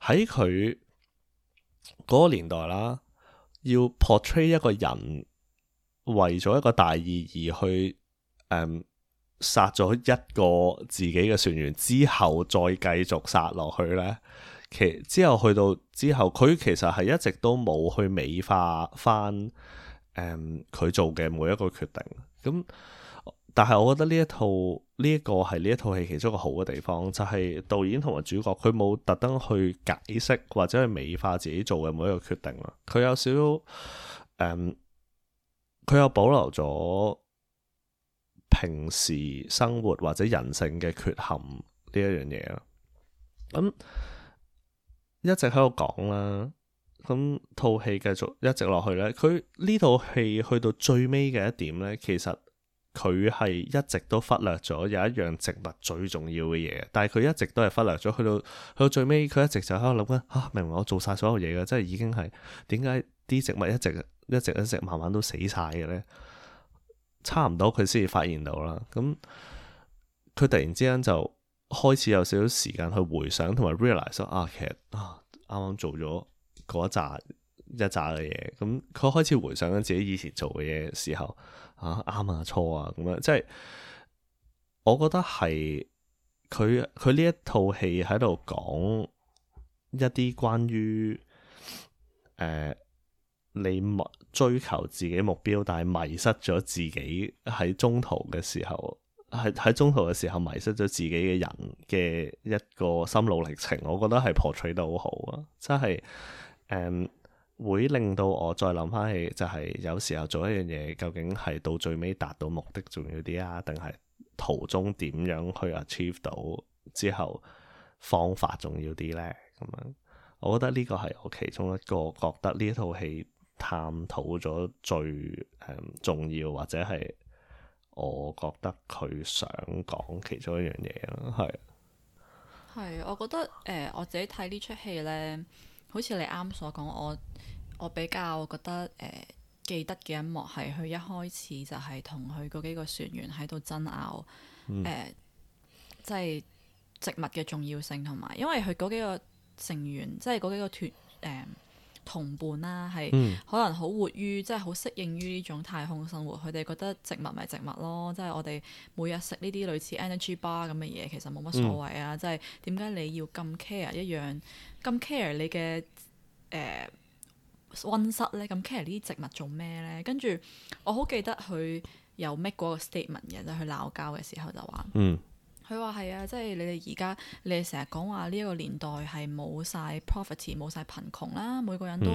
喺佢嗰個年代啦，要 portray 一個人為咗一個大義而去，誒、嗯、殺咗一個自己嘅船員之後，再繼續殺落去咧，其之後去到之後，佢其實係一直都冇去美化翻，誒、嗯、佢做嘅每一個決定，咁、嗯。但係我覺得呢一套呢一個係呢一套戲其中一個好嘅地方，就係、是、導演同埋主角佢冇特登去解釋或者去美化自己做嘅每一個決定啦。佢有少少佢、嗯、又保留咗平時生活或者人性嘅缺陷呢一樣嘢啦。咁一直喺度講啦，咁套戲繼續一直落去咧，佢呢套戲去到最尾嘅一點呢，其實。佢係一直都忽略咗有一樣植物最重要嘅嘢，但係佢一直都係忽略咗，去到去到最尾，佢一直就喺度諗緊，嚇、啊、明明我做晒所有嘢嘅，即係已經係點解啲植物一直一直一直慢慢都死晒嘅咧？差唔多佢先至發現到啦，咁、嗯、佢突然之間就開始有少少時間去回想同埋 realize 啊，其實啊啱啱做咗嗰一扎一扎嘅嘢，咁、嗯、佢開始回想緊自己以前做嘅嘢嘅時候。啊啱啊錯啊咁樣，即係我覺得係佢佢呢一套戲喺度講一啲關於誒、呃、你目追求自己目標，但係迷失咗自己喺中途嘅時候，喺喺中途嘅時候迷失咗自己嘅人嘅一個心路歷程，我覺得係破取得好好啊，即係誒。嗯會令到我再諗翻起，就係有時候做一樣嘢，究竟係到最尾達到目的重要啲啊，定係途中點樣去 achieve 到之後方法重要啲呢？咁樣，我覺得呢個係我其中一個覺得呢套戲探討咗最、嗯、重要，或者係我覺得佢想講其中一樣嘢咯，係係，我覺得誒、呃、我自己睇呢出戲呢。好似你啱所講，我我比較覺得誒、呃、記得嘅一幕係佢一開始就係同佢嗰幾個船員喺度爭拗誒，即係、嗯呃即係、植物嘅重要性同埋，因為佢嗰幾個成員即係嗰幾個團、呃同伴啦、啊，係可能好活於即係好適應於呢種太空生活。佢哋覺得植物咪植物咯，即係我哋每日食呢啲類似 energy bar 咁嘅嘢，其實冇乜所謂啊。嗯、即係點解你要咁 care 一樣咁 care 你嘅誒温室咧？咁 care 呢啲植物做咩咧？跟住我好記得佢有 make 過個 statement 嘅，即係佢鬧交嘅時候就話嗯。佢話係啊，即係你哋而家你哋成日講話呢一個年代係冇晒 property 冇晒貧窮啦，每個人都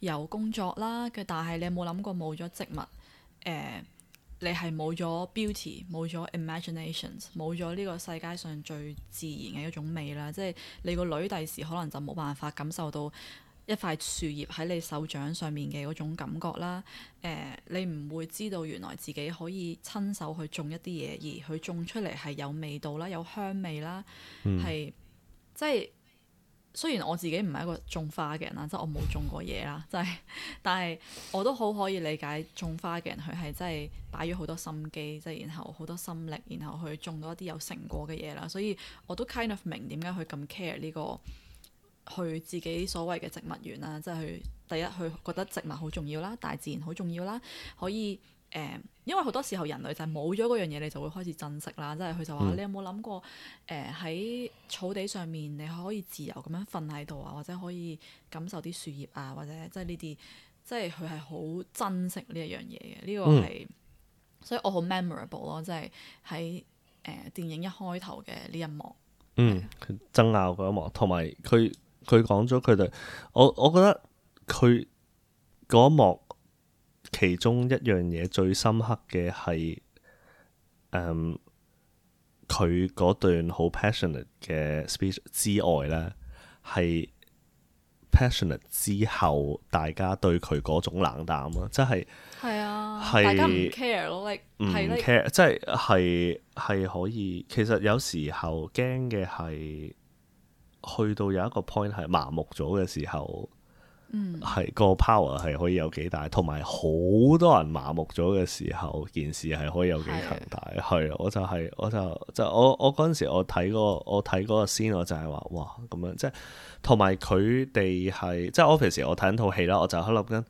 有工作啦。但係你有冇諗過冇咗植物，誒、呃、你係冇咗 beauty 冇咗 imagination 冇咗呢個世界上最自然嘅一種美啦。即係你個女第時可能就冇辦法感受到。一塊樹葉喺你手掌上面嘅嗰種感覺啦，誒，你唔會知道原來自己可以親手去種一啲嘢，而佢種出嚟係有味道啦，有香味啦，係即係雖然我自己唔係一個種花嘅人啦，即係我冇種過嘢啦，就係，但係我都好可以理解種花嘅人佢係真係擺咗好多心機，即係然後好多心力，然後去種到一啲有成果嘅嘢啦，所以我都 kind of 明點解佢咁 care 呢個。去自己所謂嘅植物園啦，即係去第一去覺得植物好重要啦，大自然好重要啦，可以誒、呃，因為好多時候人類就係冇咗嗰樣嘢，你就會開始珍惜啦。即係佢就話：嗯、你有冇諗過誒？喺、呃、草地上面，你可以自由咁樣瞓喺度啊，或者可以感受啲樹葉啊，或者即係呢啲，即係佢係好珍惜呢一樣嘢嘅。呢、這個係，嗯、所以我好 memorable 咯，即係喺誒電影一開頭嘅呢一幕。嗯， 佢爭拗嗰一幕，同埋佢。佢講咗佢哋，我我覺得佢嗰一幕其中一樣嘢最深刻嘅係，嗯，佢嗰段好 passionate 嘅 speech 之外咧，係 passionate 之後，大家對佢嗰種冷淡咯，即係係啊，係大家唔 care 咯，你唔 care，即係係係可以。其實有時候驚嘅係。去到有一個 point 係麻木咗嘅時候，嗯，係個 power 係可以有幾大，同埋好多人麻木咗嘅時候，件事係可以有幾強大，係啊的，我就係，我就就我我嗰陣時我睇嗰個我睇嗰個 scene，我就係話哇咁樣，即係同埋佢哋係即係 office，我睇緊套戲啦，我就喺度諗緊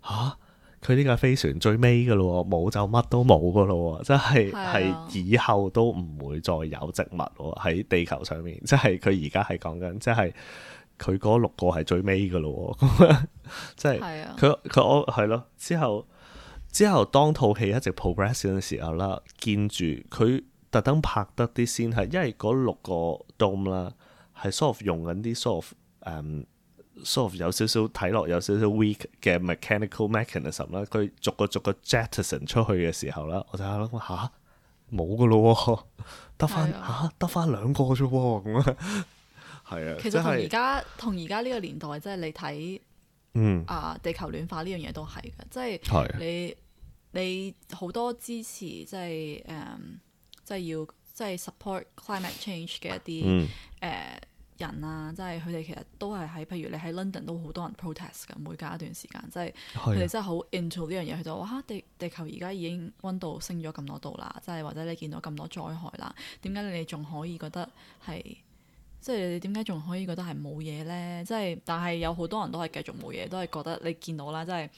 吓佢呢架飛船最尾嘅咯，冇就乜都冇嘅咯，即係係以後都唔會再有植物喺地球上面，即係佢而家係講緊，即係佢嗰六個係最尾嘅咯，即係佢佢我係咯，之後之後當套戲一直 progress 嘅時候啦，見住佢特登拍得啲先係，因為嗰六個 dome 啦係 sort of 用緊啲 sort of 誒。solve sort of, 有少少睇落有少少 weak 嘅 mechanical mechanism 啦，佢逐個逐個 jettison 出去嘅時候啦，我睇下啦吓，冇噶咯，得翻吓得翻兩個啫喎，咁啊，係、哦哎、呀啊，哦、 啊其實是同而家同而家呢個年代即係、就是、你睇，嗯啊地球暖化呢樣嘢都係嘅，即、就、係、是、你的你好多支持即係誒即係要即係、就是、support climate change 嘅一啲誒。嗯 uh, 人啊，即係佢哋其實都係喺，譬如你喺 London 都好多人 protest 嘅，每隔一段時間，即係佢哋真係好 into 呢樣嘢。佢就話嘩，地球而家已經溫度升咗咁多度啦，即係或者你見到咁多災害啦，點解你哋仲可以覺得係即係你哋點解仲可以覺得係冇嘢呢？即係但係有好多人都係繼續冇嘢，都係覺得你見到啦，即係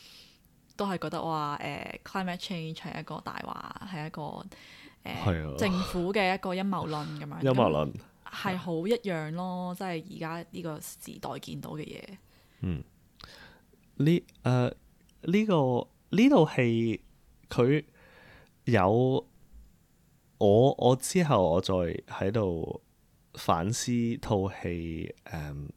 都係覺得話誒、呃、climate change 係一個大話，係一個、呃、 政府嘅一個陰謀論咁樣。 陰謀論。係好一樣咯，即係而家呢個時代見到嘅嘢。嗯，呢誒呢個呢套戲佢有我我之後我再喺度反思套戲誒，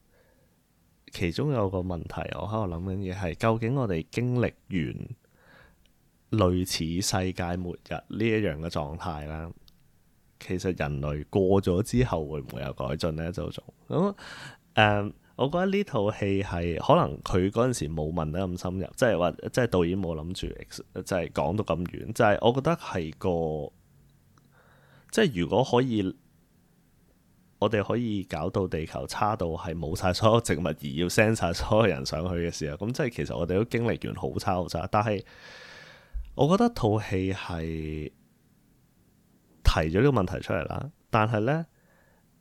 其中有個問題我喺度諗緊嘢係，究竟我哋經歷完類似世界末日呢一樣嘅狀態啦。其實人類過咗之後會唔會有改進呢？周總咁誒，我覺得呢套戲係可能佢嗰陣時冇問得咁深入，即係話即係導演冇諗住，就係講到咁遠，就係我覺得係個即係如果可以，我哋可以搞到地球差到係冇晒所有植物而要 send 晒所有人上去嘅時候，咁即係其實我哋都經歷完好差好差，但係我覺得套戲係。提咗呢個問題出嚟啦，但係呢，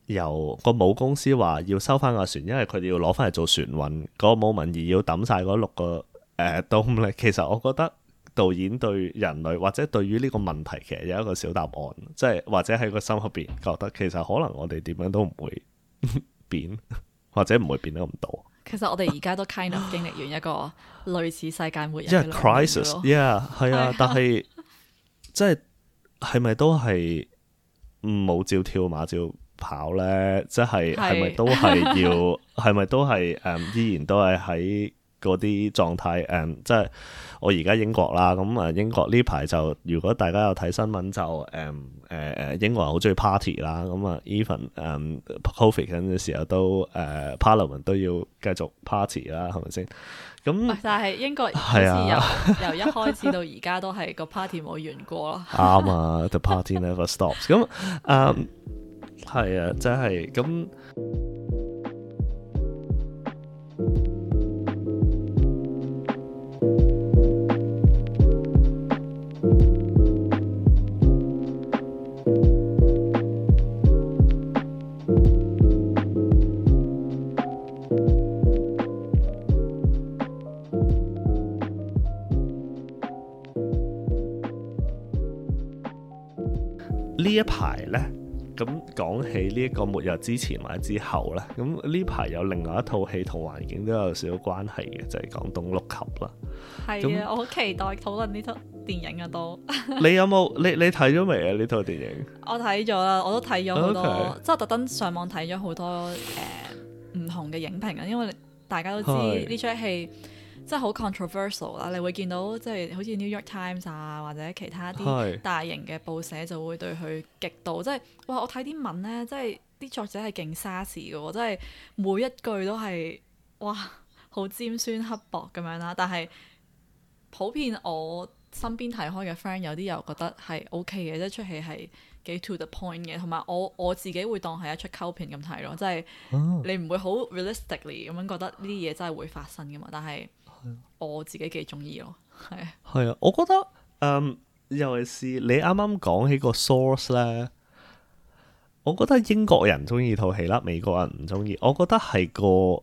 由個母公司話要收翻架船，因為佢哋要攞翻嚟做船運。那個母公司要抌晒嗰六個誒洞咧。其實我覺得導演對人類或者對於呢個問題，其實有一個小答案，即係或者喺個心入邊覺得其實可能我哋點樣都唔會變， 或者唔會變得咁多。 其實我哋而家都 kind of 經歷完一個類似世界末日嘅 crisis，yeah，係啊， 但係即係。係咪都係冇照跳馬照跑咧？即係係咪都係要？係咪 都係誒、嗯？依然都係喺嗰啲狀態誒、嗯？即係我而家英國啦，咁、嗯、啊英國呢排就如果大家有睇新聞就誒誒誒，英國人好中意 party 啦。咁啊 even 誒 COVID 嘅時候都誒、呃、parliament 都要繼續 party 啦，係咪先？咁，但係英國係啊，由由一開始到而家都係個 party 冇完過咯。啱啊，The party never stops。咁啊，係啊，真係咁。呢一排呢，咁講起呢一個末日之前或者之後呢，咁呢排有另外一套戲同環境都有少少關係嘅，就係、是、講 Don't Look Up 啦。係啊的，樣我好期待討論呢套電影啊都。 你有冇你你睇咗未啊？呢套電影我睇咗啦，我都睇咗好多，Okay. 即係特登上網睇咗好多誒唔、呃、同嘅影評啊，因為大家都知呢出戲。即係好 controversial 啦，你會見到即係好似 New York Times 啊，或者其他啲大型嘅報社就會對佢極度即係是，哇！我睇啲文呢，即係啲作者係勁沙士嘅，即係每一句都係哇，好尖酸刻薄咁樣啦。但係普遍我身邊睇開嘅 friend 有啲又覺得係 OK 嘅，即係一出戲係。幾 to the point 嘅，同埋我我自己會當係一出溝片咁睇咯，即係你唔會好 realistically 咁樣覺得呢啲嘢真係會發生噶嘛，但係我自己幾中意咯，係。係啊，我覺得誒、嗯，尤其是你啱啱講起個 source 咧，我覺得英國人中意套戲啦，美國人唔中意，我覺得係個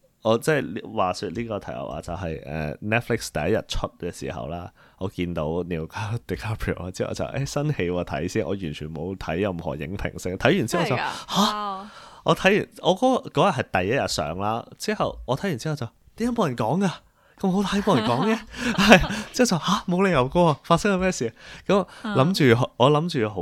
我即係話說呢個題外話就係誒 Netflix 第一日出嘅時候啦，我見到 Leo DiCaprio 之後就誒新戲喎睇先，我完全冇睇任何影評性。睇完之後就吓，我睇完我嗰日係第一日上啦，之後我睇完之後就點解冇人講噶？咁好睇，冇人講嘅，係之後就吓冇理由噶，發生咗咩事？咁諗住我諗住好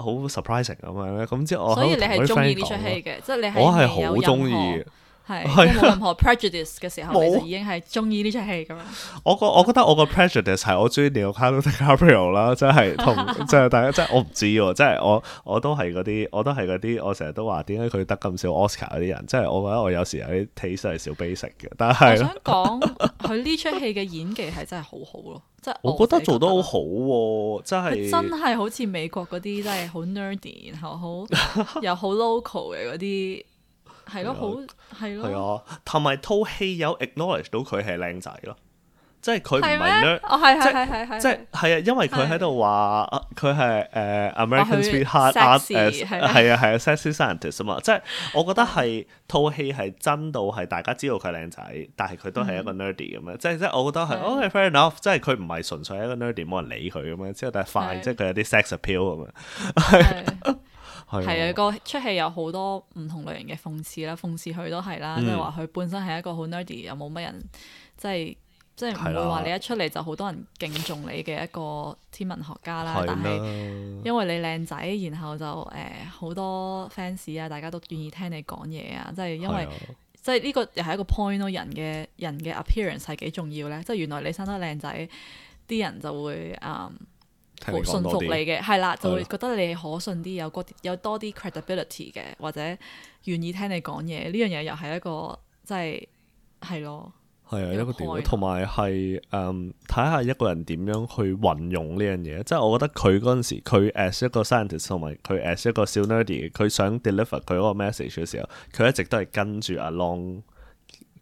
好 surprising 咁樣咧，咁之後我所以你係中意呢出戲嘅，即係我係好中意。係係冇任何 prejudice 嘅時候，有你就已經係中意呢出戲咁樣。我個我覺得我個 prejudice 係我中意 Leonardo DiCaprio 啦，真係同即係 大家真係我唔知喎、啊，即係我我都係嗰啲，我都係嗰啲，我成日都話點解佢得咁少 o 奧斯卡嗰啲人，即係我覺得我有時有啲 taste 係少 basic 嘅，但係我想講佢呢出戲嘅演技係真係好好，啊、咯，即係我覺得做得好喎、啊，真係真係好似美國嗰啲真係好 nerdy，然後好 又好 local 嘅嗰啲。係咯，好係咯，係啊，同埋套戲有 acknowledge 到佢係靚仔咯，即係佢唔係 nerdy，即係係啊，因為佢喺度話佢係誒 American sweetheart as 係啊係啊 sexy scientist 啊嘛，即係我覺得係套戲係真到係大家知道佢靚仔，但係佢都係一個 nerdy 咁樣，即係即係我覺得係 okay fair enough，即係佢唔係純粹係一個 nerdy 冇人理佢咁樣，之後但係快即係佢有啲 sex appeal 咁樣。係啊，個出戲有好多唔同類型嘅諷刺啦，諷刺佢都係啦，即係話佢本身係一個好 nerdy，又冇乜人即係即係唔會話你一出嚟就好多人敬重你嘅一個天文學家啦。係咩的？但係因為你靚仔，然後就誒好、呃、多 fans 啊，大家都願意聽你講嘢啊。即係因為的即係呢個又係一個 point 咯、啊，人嘅人嘅 appearance 係幾重要咧。即係原來你生得靚仔，啲人就會嗯。Um, 好信服你嘅，係啦了，了就會覺得你係可信啲，有個有多啲 credibility 嘅，或者願意聽你講嘢。呢樣嘢又係一個即係係咯，係啊的，一個點，同埋係誒睇下一個人點樣去運用呢樣嘢。即係我覺得佢嗰陣時，佢 as 一個 scientist 同埋佢 as 一個小 nerdy，佢想 deliver 佢嗰個 message 嘅時候，佢一直都係跟住阿 long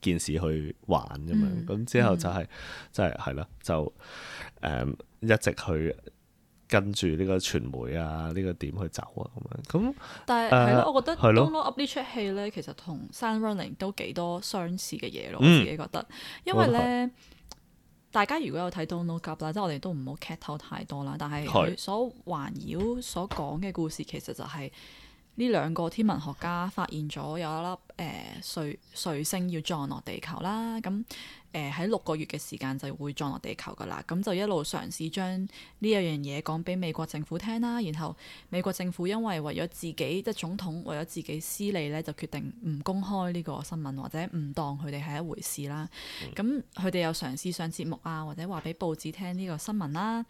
件事去玩咁、嗯、樣，咁之後就係即係係啦，就誒、嗯、一直去。跟住呢個傳媒啊，呢、這個點去走啊，咁樣咁。但係係咯，我覺得 Look 的《Don't Look Up》呢出戲咧，其實同、嗯《Silent Running》都幾多相似嘅嘢咯，我自己覺得。因為咧，嗯、大家如果有睇《Don't Look Up》啦，即係我哋都唔好劇透太多啦。但係佢所環繞、的所講嘅故事，其實就係、是。呢兩個天文學家發現咗有一粒誒彗彗星要撞落地球啦，咁誒喺六個月嘅時間就會撞落地球噶啦，咁就一路嘗試將呢一樣嘢講俾美國政府聽啦，然後美國政府因為為咗自己即係總統為咗自己私利呢，就決定唔公開呢個新聞或者唔當佢哋係一回事啦，咁佢哋又嘗試上節目啊，或者話俾報紙聽呢個新聞啦，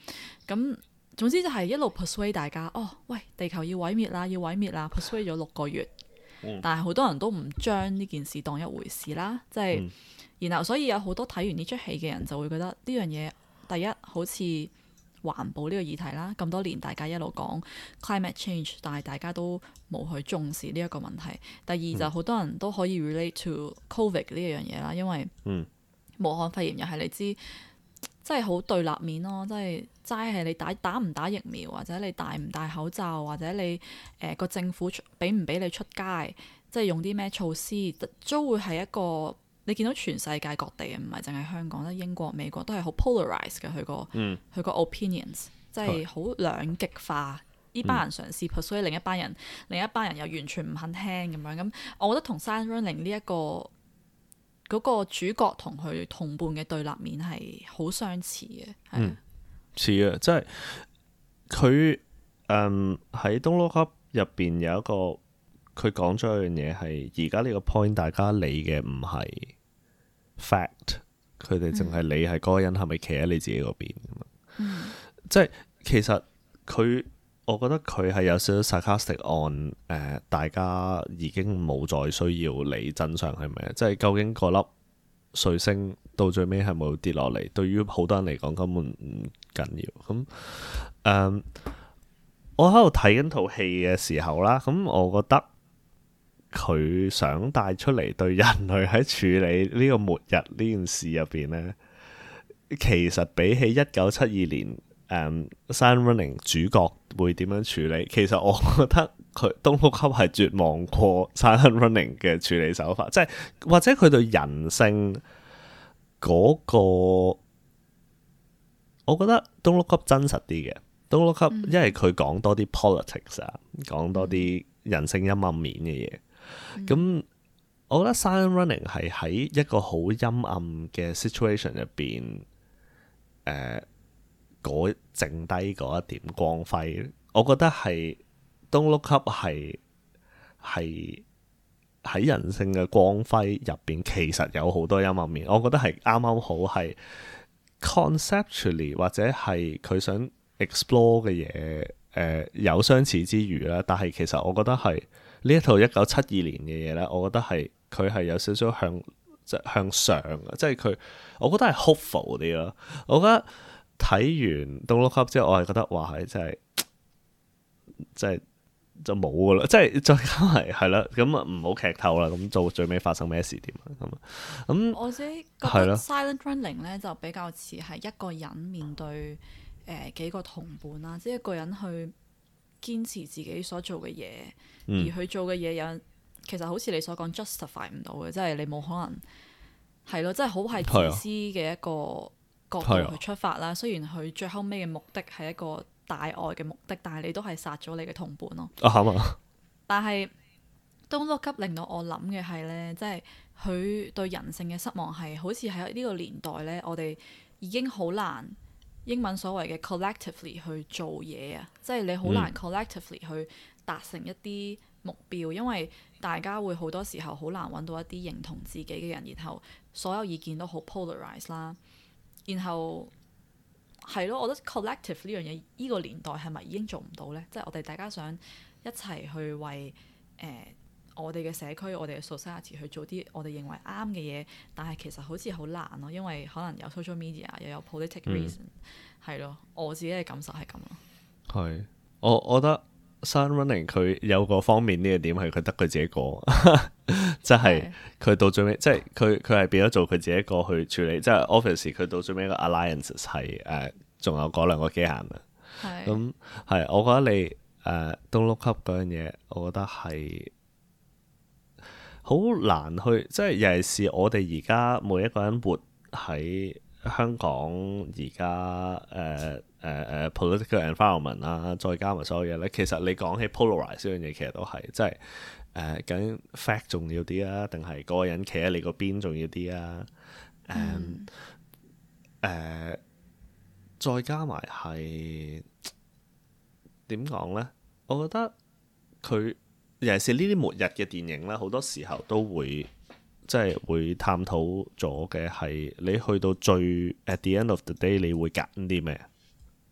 咁。總之就係一路 persuade 大家，哦，喂，地球要毀滅啦，要毀滅啦，persuade 咗六個月，嗯、但係好多人都唔將呢件事當一回事啦。即、就、係、是，嗯、然後所以有好多睇完呢出戲嘅人就會覺得呢樣嘢，第一好似環保呢個議題啦，咁多年大家一路講 climate change，但係大家都冇去重視呢一個問題。第二、嗯、就好多人都可以 relate to covid 呢一樣嘢啦，因為，嗯，武漢肺炎又係你知。真係好對立面咯，真係齋係你打打唔打疫苗，或者你戴唔戴口罩，或者你誒個、呃、政府出俾唔俾你出街，即係用啲咩措施，都會係一個你見到全世界各地嘅，唔係淨係香港啦，英國、美國都係好 polarized 嘅佢個佢個、嗯、opinions，即係好兩極化。依、嗯、班人嘗試 persuade、嗯、另一班人，另一班人又完全唔肯聽咁樣。咁我覺得同 Silent Running 呢、這、一個。嗰個主角同佢同伴嘅對立面係好相似嘅，係似啊，即係佢，嗯，喺《Don't Look Up》入邊有一個，佢講咗一樣嘢係，而家呢個 point 大家理嘅唔係 fact，佢哋淨係理係嗰個人係咪企喺你自己嗰邊，咁啊、嗯，即係其實佢。我覺得佢係有少少 sarcastic on 誒、呃，大家已經冇再需要理真相係咪，即係究竟個粒彗星到最尾係冇跌落嚟？對於好多人嚟講根本唔緊要。咁、嗯、誒，我喺度睇緊套戲嘅時候啦，咁我覺得佢想帶出嚟對人類喺處理呢個末日呢件事入邊呢，其實比起一九七二年。誒，《Silent、um, Running》主角會點樣處理？其實我覺得佢《Don't Look Up 係絕望過《Silent Running》嘅處理手法，即係或者佢對人性嗰，那個，我覺得《Don't Look Up 真實啲嘅，Up, 嗯《Don't Look Up，因為佢講多啲 politics 啊，講多啲人性陰暗面嘅嘢。咁、嗯，我覺得《Silent Running》係喺一個好陰暗嘅 situation 入邊，誒、呃。嗰剩低嗰一點光輝，我覺得係《Don't Look Up》係係喺人性嘅光輝入邊，其實有好多陰暗面。我覺得係啱啱好係 conceptually 或者係佢想 explore 嘅嘢，誒、呃、有相似之餘啦。但係其實我覺得係呢一套一九七二年嘅嘢咧，我覺得係佢係有少少向即向上嘅，即係佢我覺得係 hopeful 啲咯。我覺得。睇完《Don't Look Up》之後，我係覺得，哇！係真係，真係就冇噶啦，即係再加埋係啦，咁啊唔好劇透啦，咁做最尾發生咩事點啊咁咁。嗯、我自己覺得《Silent Running》咧是的 就比較似係一個人面對誒、呃、幾個同伴啦，即係一個人去堅持自己所做嘅嘢，而佢做嘅嘢有其實好似你所講 justify 唔到嘅，即係、就是、你冇可能係咯，即係好係自私嘅一個。角度去出發啦，雖然佢最後尾嘅目的係一個大愛嘅目的，但係你都係殺咗你嘅同伴咯。啊嘛，但係 Don't Look Up 令到我諗嘅係呢，即係佢對人性嘅失望係，好似喺呢個年代呢，我哋已經好難英文所謂嘅 collectively 去做嘢啊，即係你好難 collectively 去達成一啲目標，嗯、因為大家會好多時候好難揾到一啲認同自己嘅人，然後所有意見都好 polarize 啦。然後係咯，我覺得 collective 呢樣嘢，呢個年代係咪已經做唔到呢？即係我哋大家想一齊去為誒我哋嘅社區、我哋嘅 society 去做啲我哋認為啱嘅嘢，但係其實好似好難咯，因為可能有 social media 又有 political reason，係咯、嗯，我自己嘅感受係咁咯。係，我我覺得。Silent Running 佢有個方面呢個點係佢得佢自己個 是是，即係佢到最尾，即係佢佢係變咗做佢自己一個去處理。即係 Office 佢到最尾個 Alliances 係仲、呃、有嗰兩個機械啦。咁係是、嗯，我覺得你誒、呃、Don't Look Up 嗰樣嘢，我覺得係好難去，即係尤其是我哋而家每一個人活喺香港而家誒。誒誒、uh,political environment 啊，再加埋所有嘢咧。其實你講起 polarize 呢樣嘢，其實都係即係誒、呃，究竟 fact 重要啲啊，定係個人企喺你個邊重要啲啊？誒誒、嗯，uh, 再加埋係點講咧？我覺得佢尤其是呢啲末日嘅電影咧，好多時候都會即係會探討咗嘅係你去到最 at the end of the day，你會揀啲咩？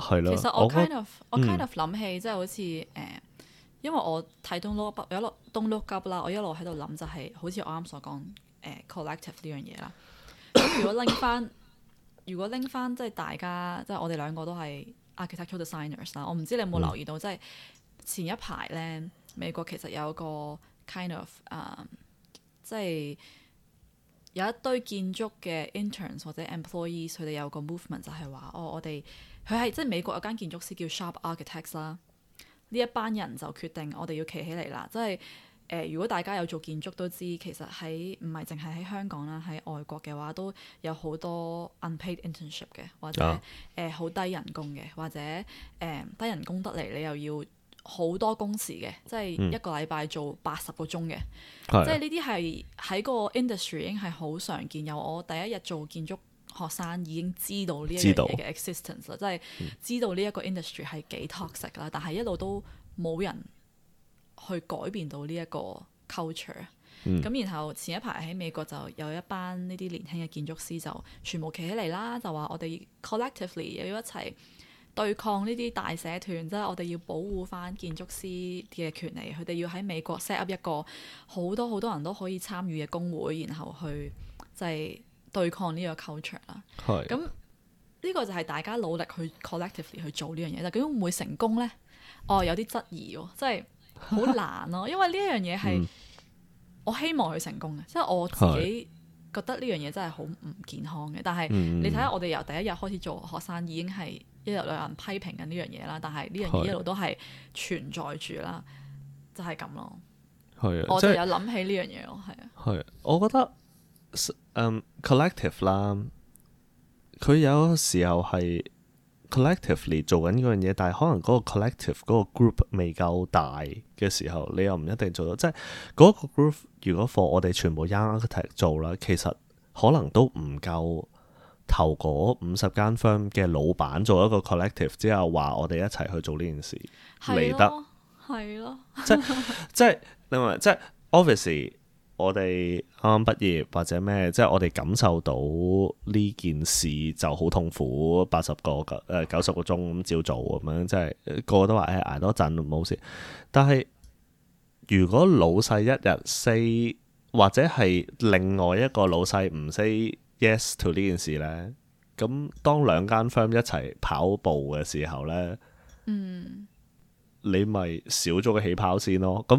其實我 kind of 我，我 kind of 諗、嗯、起，即、就、係、是、好似誒、呃，因為我睇到 Don't Look Up，一路 Don't Look Up 啦，我一路喺度諗就係、是，好似我啱所講誒、呃、collective 呢樣嘢啦。咁如果拎翻，如果拎翻， 即係大家，即係我哋兩個都係 architectural designers 啦。我唔知你有冇留意到，嗯、即係前一排咧，美國其實有個 kind of 誒、呃，即係有一堆建築嘅 interns 或者 employees，佢哋有個 movement 就係話，哦，我哋佢係即係美國有間建築師叫 SHoP Architects 啦，呢一班人就決定我哋要企起嚟啦。即係誒、呃，如果大家有做建築都知，其實喺唔係淨係喺香港啦，喺外國嘅話都有好多 unpaid internship 嘅，或者誒好、呃、低人工嘅，或者誒、呃、低人工得嚟你又要好多工時嘅，即係一個禮拜做八十個鐘嘅。嗯、即係呢啲係喺個 industry 已經係好常見。由我第一日做建築學生已經知道呢樣嘢嘅 existence 啦，即係知道呢、嗯、一個 industry 係幾 toxic 啦，但係一路都冇人去改變到呢一個 culture、嗯。咁然後前一排喺美國就有一班呢啲年輕嘅建築師就全部企起嚟啦，就話我哋 collectively 要一齊對抗呢啲大社團，即、就、係、是、我哋要保護翻建築師嘅權利，佢哋要喺美國 set up 一個好多好多人都可以參與嘅工會，然後去即係，對抗呢個 culture 啦，咁呢的、呢個就係大家努力去 collectively 去做呢樣嘢，究竟會唔會成功呢？我有啲質疑喎，即係好難咯，因為呢一樣嘢係我希望佢成功嘅， 嗯、即係我自己覺得呢樣嘢真係好唔健康嘅。的但係你睇下，我哋由第一日開始做學生，已經係一日兩人批評緊呢樣嘢啦。但係呢樣嘢一路都係存在住啦，的的就係咁咯。係啊，我就有諗起呢樣嘢咯，係啊，係，我覺得。嗯，collective 啦，佢有時候係 collectively 做緊嗰樣嘢，但係可能嗰個 collective 嗰個 group 未夠大嘅時候，你又唔一定做到。即係嗰、嗰個 group 如果貨我哋全部啱啱做啦，其實可能都唔夠頭嗰五十間 firm 嘅老闆做一個 collective 之後，話我哋一齊去做呢件事嚟了得係咯，即係即係你明即係 obviously。我哋啱啱畢業或者咩，即係我哋感受到呢件事就好痛苦，八十個誒九十個鐘咁照做咁樣，即係個個都話誒捱多陣都冇事。但係如果老細一日 say 或者係另外一個老細唔 say yes to 呢件事呢，咁當兩間 firm 一齊跑步嘅時候呢，嗯、你咪少咗個起跑線咯。咁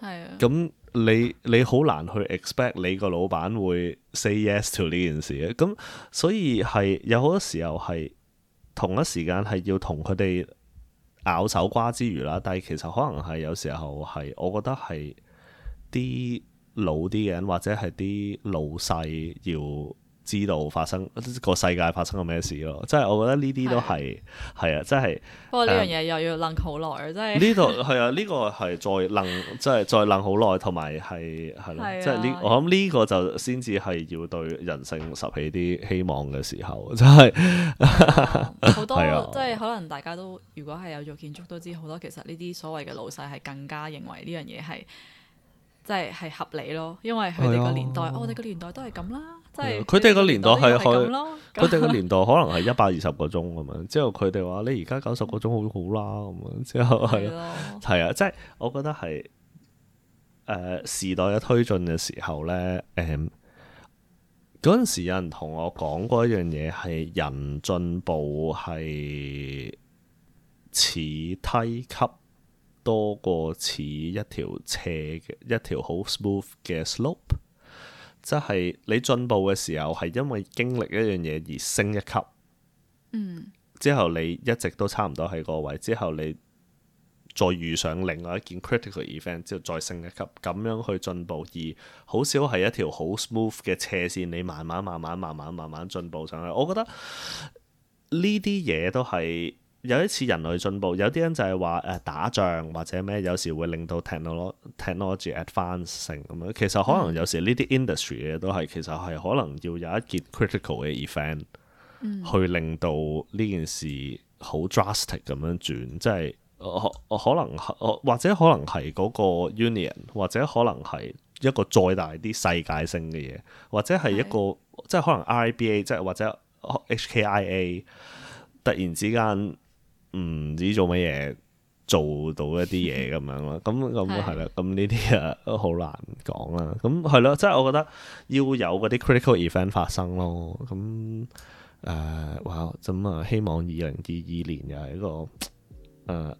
係啊，咁。你你好難去 expect 你個老闆會 say yes to 呢件事嘅，咁所以係有好多時候係同一時間係要同佢哋拗手瓜之餘啦，但係其實可能係有時候係我覺得係啲老啲嘅人或者係啲老細要。知道發生個世界發生咗咩事咯，即係我覺得呢啲都係係啊，即係不過呢樣嘢又要諗好耐啊，真係呢度係啊，呢個係再諗，即係再諗好耐，同埋係係咯，即係呢，我諗呢個就先至係要對人性拾起啲希望嘅時候，真係好多，即係可能大家都如果係有做建築都知，好多其實呢啲所謂嘅老細係更加認為呢樣嘢係即係係合理咯，因為佢哋個年代，我哋個年代都係咁啦。佢哋個年代係去，佢哋個年代可能係一百二十個鐘咁樣，之 後佢哋話你而家九十個鐘好好啦咁樣，之 後係咯，係啊，即係、 就是、我覺得係誒、呃、時代嘅推進嘅時候咧，誒，嗰陣時有人同我講過一樣嘢，係人進步係似梯級多過似一條斜嘅一條好 smooth 嘅 slope。即係你進步嘅時候，係因為經歷一樣嘢而升一級。嗯。之後你一直都差唔多喺個位，之後你再遇上另外一件 critical event，之後再升一級，咁樣去進步，而好少係一條好 smooth 嘅斜線，你慢慢慢慢慢慢慢慢進步上去。我覺得呢啲嘢都係。有一次人類進步，有啲人就係話，誒、打仗或者咩，有時會令到 technology techn advanced 性咁樣。其實可能有時呢啲 industry 咧都係其實係可能要有一件 critical 嘅 event，去令到呢件事好 drastic 咁樣轉，即係、呃呃、可能、呃、或者可能係嗰個 union，或者可能係一個再大啲世界性嘅嘢，或者係一個的即係可能 RIBA 即係或者 HKIA 突然之間。唔知做乜嘢做到一啲嘢咁樣咯，咁咁係啦，咁呢啲啊都好難講啦。咁係咯，即係我覺得要有嗰啲 critical event 發生咯。咁誒、呃，哇，咁啊，希望二零二二年又係一個誒、呃、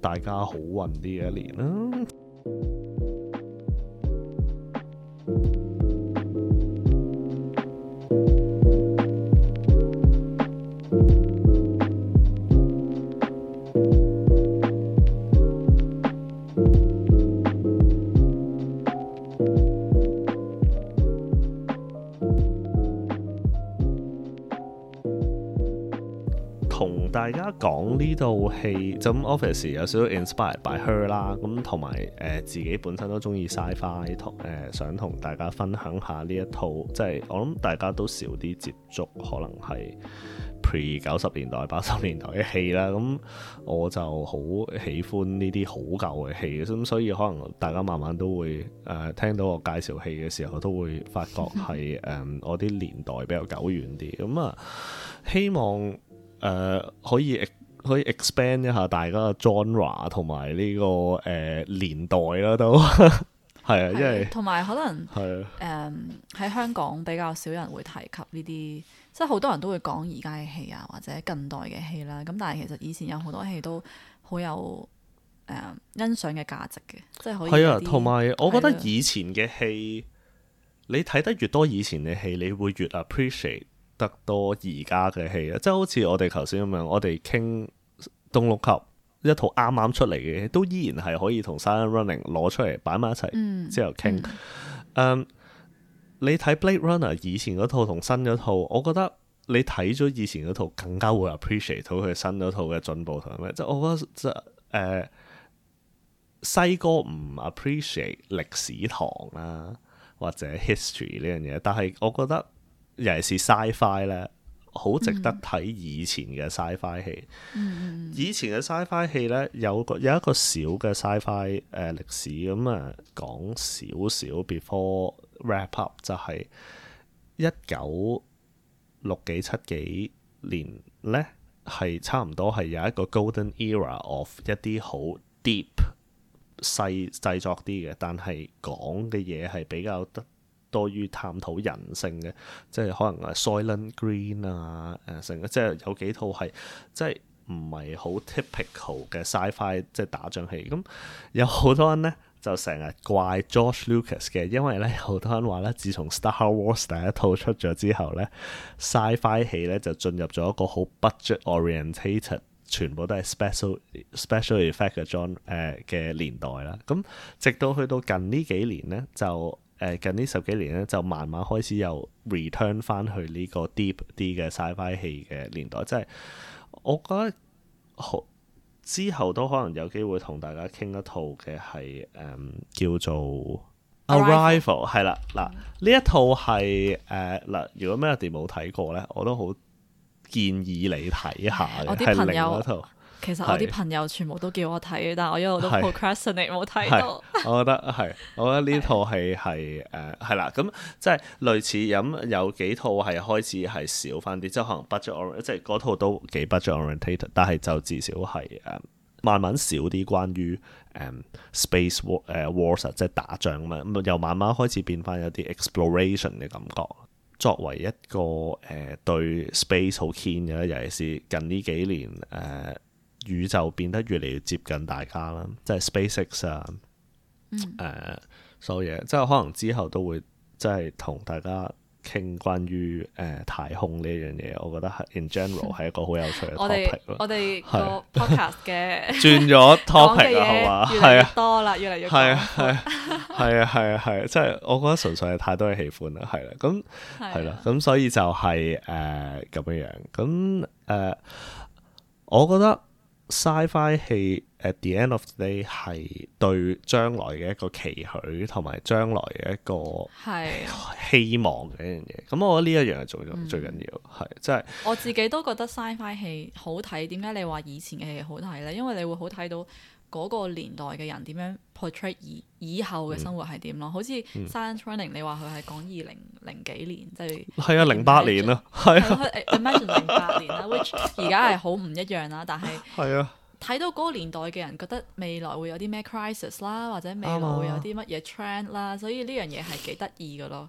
大家好運啲嘅一年啦。講呢套戲就 office 有少少 inspired by her 啦，咁同埋誒自己本身都中意 sci-fi，同誒、呃、想同大家分享下呢一套，即係我諗大家都少啲接觸，可能係 pre 九十年代八十年代嘅戲啦。咁、嗯、我就好喜歡呢啲好舊嘅戲咁、嗯、所以可能大家慢慢都會誒、呃、聽到我介紹戲嘅時候，都會發覺係誒、嗯、我啲年代比較久遠啲。咁、嗯、啊，希望。誒，可以、uh, 可以 expand 一下大家嘅 genre 同埋呢、呢個誒、uh, 年代啦、啊，都係啊， 是因為同埋可能係誒喺香港比較少人會提及呢啲，即係好多人都會講而家嘅戲啊，或者近代嘅戲啦。咁但係其實以前有好多戲都好有誒、uh, 欣賞嘅價值嘅，即係可以係啊。同埋我覺得以前嘅戲，是的 你睇得越多以前嘅戲，你會越 appreciate。得多而家嘅戲，即係好似我哋頭先咁樣，我哋傾《Don't Look Up》一套啱啱出嚟嘅戲，都依然係可以同《Silent Running》攞 和 出嚟擺埋一齊之後傾。嗯， um, 你睇《Blade Runner》以前嗰套同新嗰套，我覺得你睇咗以前嗰套更加會 appreciate 到佢新嗰套嘅進步同咩？即係我覺得即係西哥唔 appreciate 歷史堂啦，或者 history 呢樣嘢，但係我覺得。尤其是 sci-fi 咧，好值得睇以前嘅 sci-fi 戲。戲 Mm-hmm. 以前嘅 sci-fi 戲咧，有個有一個小嘅 sci-fi 誒、呃、歷史咁啊，講少少。Before wrap up 就係一九六幾七幾年咧，係差唔多係有一個 golden era of 一啲好 deep 細製作啲嘅，但係講嘅嘢係比較得。多於探討人性嘅，即係可能啊 Soylent Green 啊，誒成即係有幾套係即係唔係好 typical 嘅 sci-fi 即係打仗戲。咁、嗯、有好多人咧就成日怪 George Lucas 嘅，因為咧有好多人話咧，自從 Star Wars 第一套出咗之後咧，sci-fi 戲咧就進入咗一個好 budget orientated，全部都係 special special effect 嘅 John 裝誒嘅年代啦。咁、嗯、直到去到近呢幾年咧就。誒近呢十幾年咧，就慢慢開始有 return 翻去呢個 deep 啲嘅 Sci-Fi 戲嘅年代。即係我覺得好之後都可能有機會同大家傾一套嘅係誒叫做 Arrival 係啦 Arrival。嗱呢、嗯、一套係誒嗱，如果 Melody 冇睇過咧，我都好建議你睇下嘅係另一套。其實我啲朋友全部都叫我睇，是但係我一路都 procrastinate 冇睇到是 我。我覺得係，我覺得呢套係係誒係啦，咁、嗯、即係類似咁有幾套係開始係少翻啲，即係可能 budget orient，即係嗰套都幾 budget oriented 但係就至少係誒、呃、慢慢少啲關於誒、呃、space 誒 war、呃、Wars，即係打仗咁樣，又慢慢開始變翻有啲 exploration 嘅感覺。作為一個誒、呃、對 space 好 keen 嘅，尤其是近呢幾年誒。呃呃宇宙變得越嚟越接近大家啦，即係 SpaceX 啊，誒，所有嘢，即係可能之後都會即係同大家傾關於誒太空呢樣嘢，我覺得係 in general 係一個好有趣嘅 topic 咯。我哋我哋個 podcast 嘅，轉咗 topic 啊，好嘛，係啊，多啦，越嚟越多，係係啊係啊係，即係我覺得純粹係太多嘅喜歡啦，係啦，咁係啦，咁所以就係誒咁樣樣，咁誒，我覺得。Sci-Fi 戲，at the end of the day 係對將來嘅一個期許，同埋將來嘅一個希望嘅一樣嘢。咁是我覺得呢一樣係做咗最緊要，係即係。我自己都覺得 Sci-Fi 戲好睇，點解你話以前嘅戲好睇咧？因為你會好睇到。嗰個年代嘅人點樣 portray 以以後嘅生活係點咯？嗯、好似 Silent Running，你話佢係講二零零幾年，即係係啊零八年啊，係、嗯、啊，imagine 零八年啦，which 而家係好唔一樣啦。但係係啊，睇到嗰個年代嘅人覺得未來會有啲咩 crisis 啦，或者未來會有啲乜嘢 trend 啦，所以呢樣嘢係幾得意㗎咯。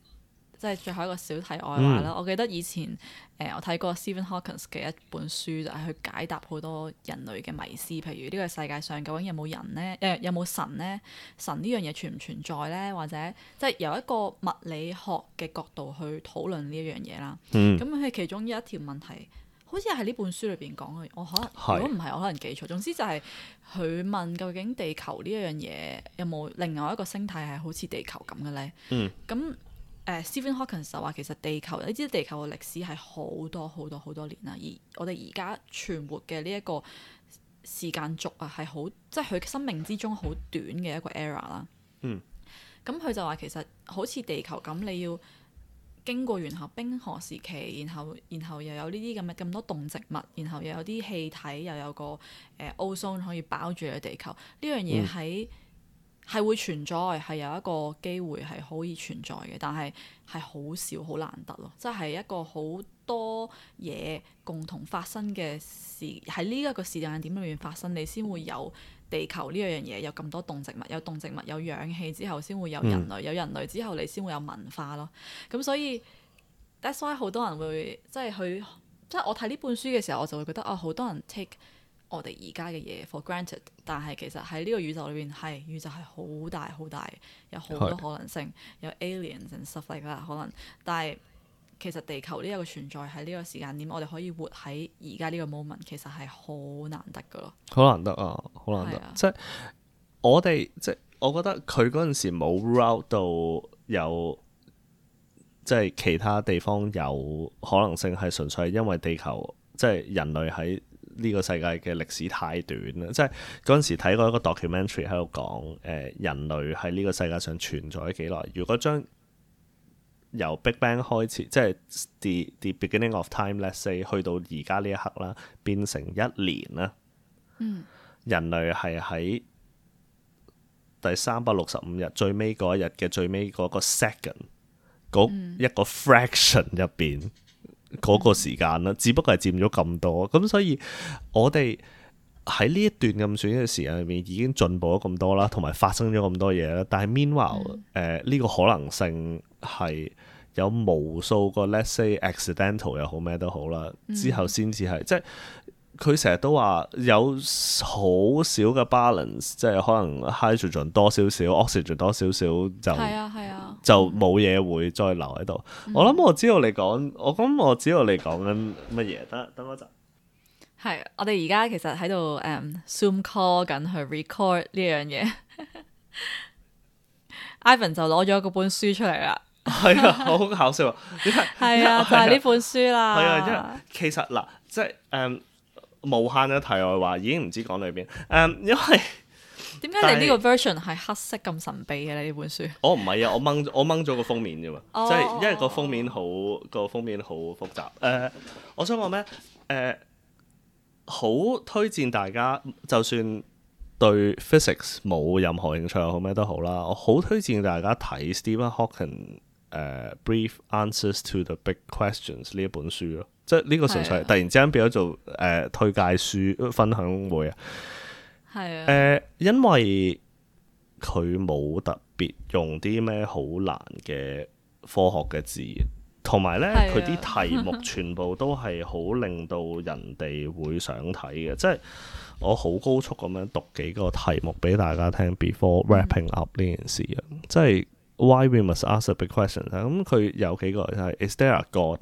即係最後一個小題外話啦。嗯、我記得以前誒、呃，我睇過 Stephen Hawking 嘅一本書，就係、是、去解答好多人類嘅迷思，譬如呢個世界上究竟有冇人呢？誒、呃，有冇神呢？神呢樣嘢存唔存在呢？或者即係、就是、由一個物理學嘅角度去討論呢一樣嘢啦。咁佢、嗯、其中一條問題，好似係呢本書裏邊講嘅。我可能如果唔係，我可能記錯。是總之就係、是、佢問究竟地球呢一樣嘢有冇另外一個星體係好似地球咁嘅呢？嗯，咁、嗯誒、uh, Stephen Hawking 就話其實地球，你知地球嘅歷史係好多好多好多年啦，而我哋而家存活嘅呢一個時間軸啊，係好即係佢生命之中好短嘅一個 era 啦。嗯，咁佢就話其實好似地球咁，你要經過完後冰河時期，然後然後又有呢啲咁嘅咁多動植物，然後又有啲氣體，又有個誒 ozone 可以包住嘅地球呢樣嘢喺，這個係會存在，係有一個機會係可以存在嘅，但係係好少好難得咯。即係一個好多嘢共同發生嘅事，喺呢一個時間點裏面發生，你先會有地球呢樣嘢，有咁多動植物，有動植物，有氧氣之後，先會有人類，有人類之後，你先會有文化咯。咁、嗯、所以，that's why 好多人會即係去，即係我睇呢本書嘅時候，我就會覺得哦，好多人 take。我哋而家嘅嘢 for granted，但係其實喺呢個宇宙裏邊，係宇宙係好大好大，有好多可能性，是有 alien，有 stuff 可能。但係其實地球呢一個存在喺呢個時間點，我哋可以活喺而家呢個 moment，其實係好難得噶咯。好難得啊，好難得！啊，即係我哋，即係我覺得佢嗰陣時冇 route 到有，即係其他地方有可能性，係純粹因為地球，即係人類喺。呢個世界嘅歷史太短啦，即係嗰陣時睇過一個 documentary 喺度講，誒、呃、人類喺呢個世界上存在咗幾耐。如果將由 Big Bang 開始，即係 the the beginning of time let's say 去到而家呢一刻啦，變成一年啦，嗯、人類係喺第三百六十五日最尾嗰一日嘅最尾嗰個 second 嗰一個 fraction 入邊。嗯 嗰個時間啦，只不過係佔咗咁多，咁所以我哋喺呢一段任選嘅時間裏面已經進步咗咁多啦，同埋發生咗咁多嘢啦。但係 meanwhile，誒呢、嗯呃呢個可能性係有無數個 let's say accidental 又好咩都好啦，之後先至係即係。佢成日都話有好少嘅 balance，即係可能 hydrogen 多少少，oxygen 多少少就、係啊、係啊、就冇嘢會再留喺度。嗯、我諗我知道你講，我諗我知道你講緊乜嘢？等等嗰陣，係我哋而家其實喺度誒 zoom call 緊去 record 呢樣嘢。 Ivan 就攞咗嗰本書出嚟啦，係 啊，好搞笑！點 係啊？就係、是、呢本書啦。係啊，因為其實嗱、啊，即係誒。Um, 無限嘅題外話，已經唔知講裏邊。誒，因為點解你呢個 version 係黑色咁神秘嘅咧？呢本書我唔係啊，我掹我掹咗個封面啫嘛，即係、哦、因為個封面好、哦、個封面好、那個、複雜。誒、呃，我想講咩？誒、呃，好推薦大家，就算對 physics 冇任何興趣又好咩都好啦，我好推薦大家睇 Stephen h a w、uh, k e n g Brief Answers to the Big Questions》呢一本書咯。即係呢個純粹突然之間變咗做誒推介書分享會啊，係啊的，誒、呃、因為佢冇特別用啲咩好難嘅科學嘅字，同埋咧佢啲題目全部都係好令到人哋會想睇嘅，是的 即係我好高速咁樣讀幾個題目俾大家聽。Before wrapping up 呢件事啊，嗯、即係 Why we must ask a big question 咁、啊、佢、嗯、有幾個係、就是、Is there a God？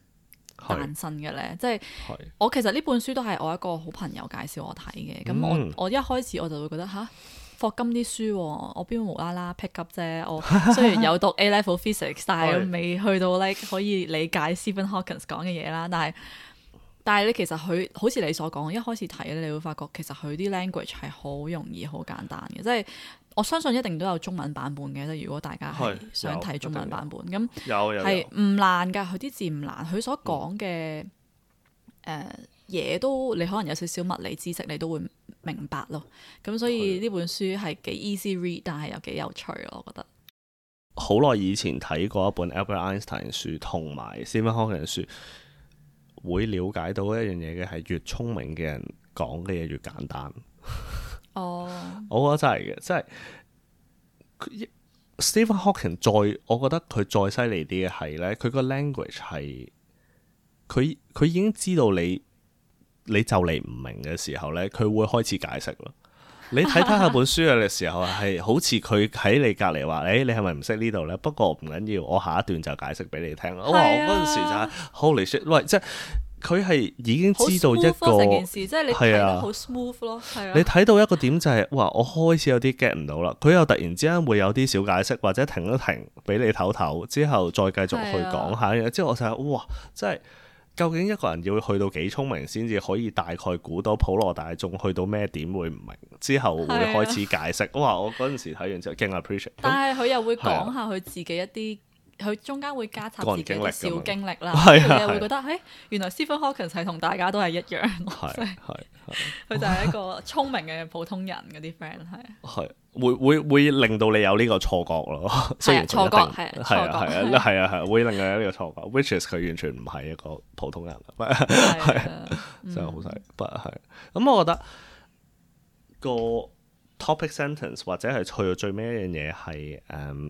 誕生嘅咧，即係我其實呢本書都係我一個好朋友介紹我睇嘅。咁、嗯、我我一開始我就會覺得吓霍金啲書，啊，我邊會無啦啦 pick up 啫。我雖然有讀 A level physics， 但係未去到咧，like, 可以理解 Stephen Hawkins 講嘅嘢啦。但係但係你其實佢好似你所講，一開始睇咧你會發覺其實佢啲 language 係好容易好簡單嘅，即係。我相信一定都有中文版本嘅，即如果大家係想睇中文版本，咁係唔難噶，佢啲字唔難，佢所講嘅誒嘢都你可能有少少物理知識，你都會明白咯。咁所以呢本書係幾 easy read，但係又幾有趣咯，我覺得。好耐以前睇過一本 Albert Einstein 書，同埋 Simon Hawking 嘅書，會了解到一樣嘢嘅係，越聰明嘅人講嘅嘢越簡單。 哦，oh. 我覺得真係嘅，即係 Stephen Hawking 再，我覺得佢再犀利啲嘅係咧，佢個 language 係佢佢已經知道你你就嚟唔明嘅時候咧，佢會開始解釋咯。你睇睇下本書嘅時候係 好似佢喺你隔離話，誒、哎、你係咪唔識呢度咧？不過唔緊要，我下一段就解釋俾你聽。啊、哇我話我嗰陣時就係 Holy shit，喂即係。佢係已經知道一個係啊，好 smooth 咯。係啊，啊啊你睇到一個點就係、係、哇，我開始有啲 get 唔到啦。佢又突然之間會有啲小解釋，或者停一停俾你唞唞，之後再繼續去講下嘢，啊、之後我就哇，真係究竟一個人要去到幾聰明先至可以大概估到普羅大眾去到咩點會唔明？之後會開始解釋。啊、哇我話我嗰陣時睇完之後，驚 appreciate。但係佢又會講下佢自己一啲。佢中間會加插自己嘅小經歷啦，佢樣會覺得，哎是是、欸，原來 Stephen Hawking 係同大家都係一樣，係係佢就係一個聰明嘅普通人嗰啲 friend 係，係會會會令到你有呢個錯覺咯，啊、 雖然錯覺係係係啊係啊係會令到有呢個錯覺，which is 佢完全唔係一個普通人，真係好犀利，不過係。咁、嗯、我覺得個 topic sentence 或者係去到最尾一樣嘢係，誒、um,。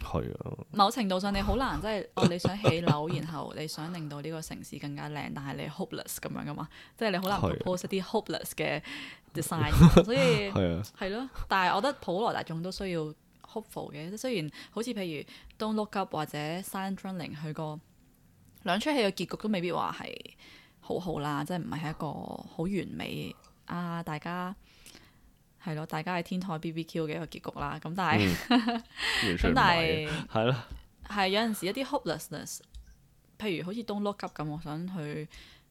係啊，某程度上你好難、就是，即係哦，你想起樓， 然後你想令到呢個城市更加靚，但係你 hopeless 咁樣噶嘛，即係你好難去 post 啲 hopeless 嘅 design， 所以係啊，係咯。但係我覺得普羅大眾都需要 hopeful 嘅，即係雖然好似譬如《Don’t Look Up》或者《Silent Running》去個兩出戲嘅結局都未必話係好好啦，即係唔係一個好完美啊，大家。係咯，大家喺天台 BBQ 嘅一個結局啦。咁但係，咁、嗯、 但係是，係咯，係有陣時一啲 hopelessness，譬如好似 Don't Look Up 咁，我想去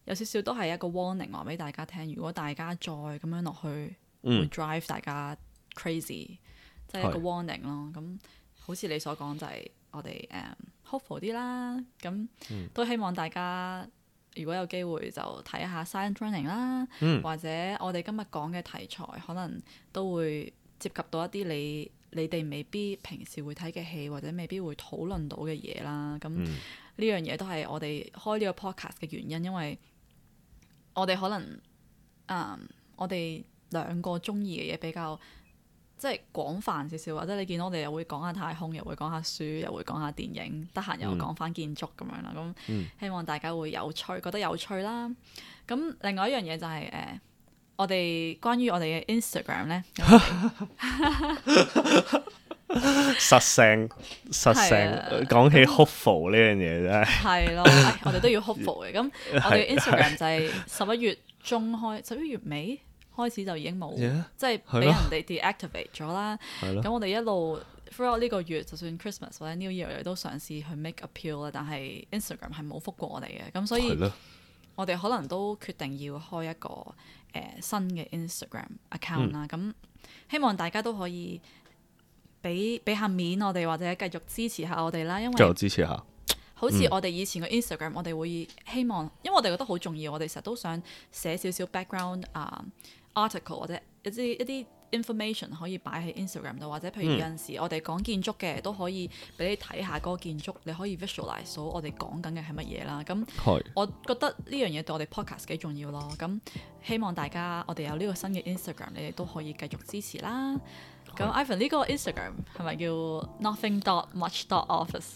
有少少都係一個 warning 話俾大家聽。如果大家再咁樣落去，會 drive 大家 crazy，即係、嗯、一個 warning 咯。咁的好似你所講就係我哋誒、um, hopeful 啲啦。咁、嗯、都希望大家。如果有機會就睇下《Silent Running》啦，嗯、或者我哋今日講嘅題材，可能都會涉及到一啲你你哋未必平時會睇嘅戲或者未必會討論到嘅嘢啦。咁呢、嗯、樣嘢都係我哋開呢個 podcast 嘅原因，因為我哋可能啊、嗯，我哋兩個中意嘅嘢比較。即係廣泛少少，或者你見到我哋又會講下太空，又會講下書，又會講下電影，得閒又講翻建築咁樣啦。咁、嗯、希望大家會有趣，覺得有趣啦。咁、嗯、另外一樣嘢就係、是、誒、呃，我哋關於我哋嘅 Instagram 咧，失聲失聲，講、啊、起 hopeful 呢樣嘢啫，係 係、哎、我哋都要 hopeful 嘅。咁 我哋 Instagram 就係十一月中開，十一月尾。開始就已經冇，Yeah? 即係俾人哋 deactivate 咗啦。咁 Yeah. 我哋一路 through 呢個月，就算 Christmas 或者 New Year 都嘗試去 make appeal 啦，但係 Instagram 係冇覆過我哋嘅。咁 Yeah. 所以我哋可能都決定要開一個誒、呃、新嘅 Instagram account 啦。咁、mm. 希望大家都可以俾俾下面我哋，或者繼續支持下我哋啦。因為就支持下，好似我哋以前嘅 Instagram，、mm. 我哋會希望，因為我哋覺得好重要，我哋成日都想寫少少 background 啊。Uh, article 或者一啲一啲 information 可以擺喺 Instagram 度，或者譬如有陣時我哋講建築嘅都、嗯、可以俾你睇下嗰個建築，你可以 visualize 到我哋講緊嘅係乜嘢啦。咁、嗯，是我覺得呢樣嘢對我哋 podcast 幾重要咯。咁、嗯、希望大家我哋有呢個新嘅 Instagram，你哋都可以繼續支持啦。咁 Ivan 呢個 Instagram 係咪叫 Nothing Dot Much Dot Office？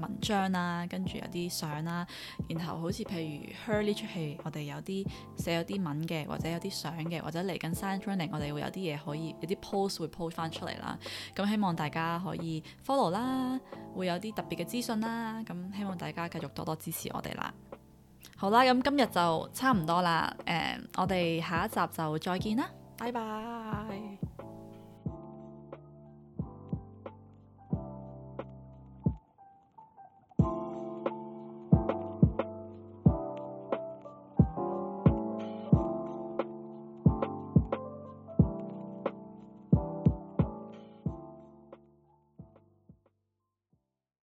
文章啦、啊，跟住有啲相啦，然後好似譬如《Her》呢出戲，我哋有啲寫有啲文嘅，或者有啲相嘅，或者嚟緊 Silent Running，我哋會有啲嘢可以有啲 post 會 post 翻出嚟啦。咁、嗯、希望大家可以 follow 啦，會有啲特別嘅資訊啦。咁、嗯、希望大家繼續多多支持我哋啦。好啦，咁、嗯、今日就差唔多啦。誒、嗯，我哋下一集就再見啦。拜拜。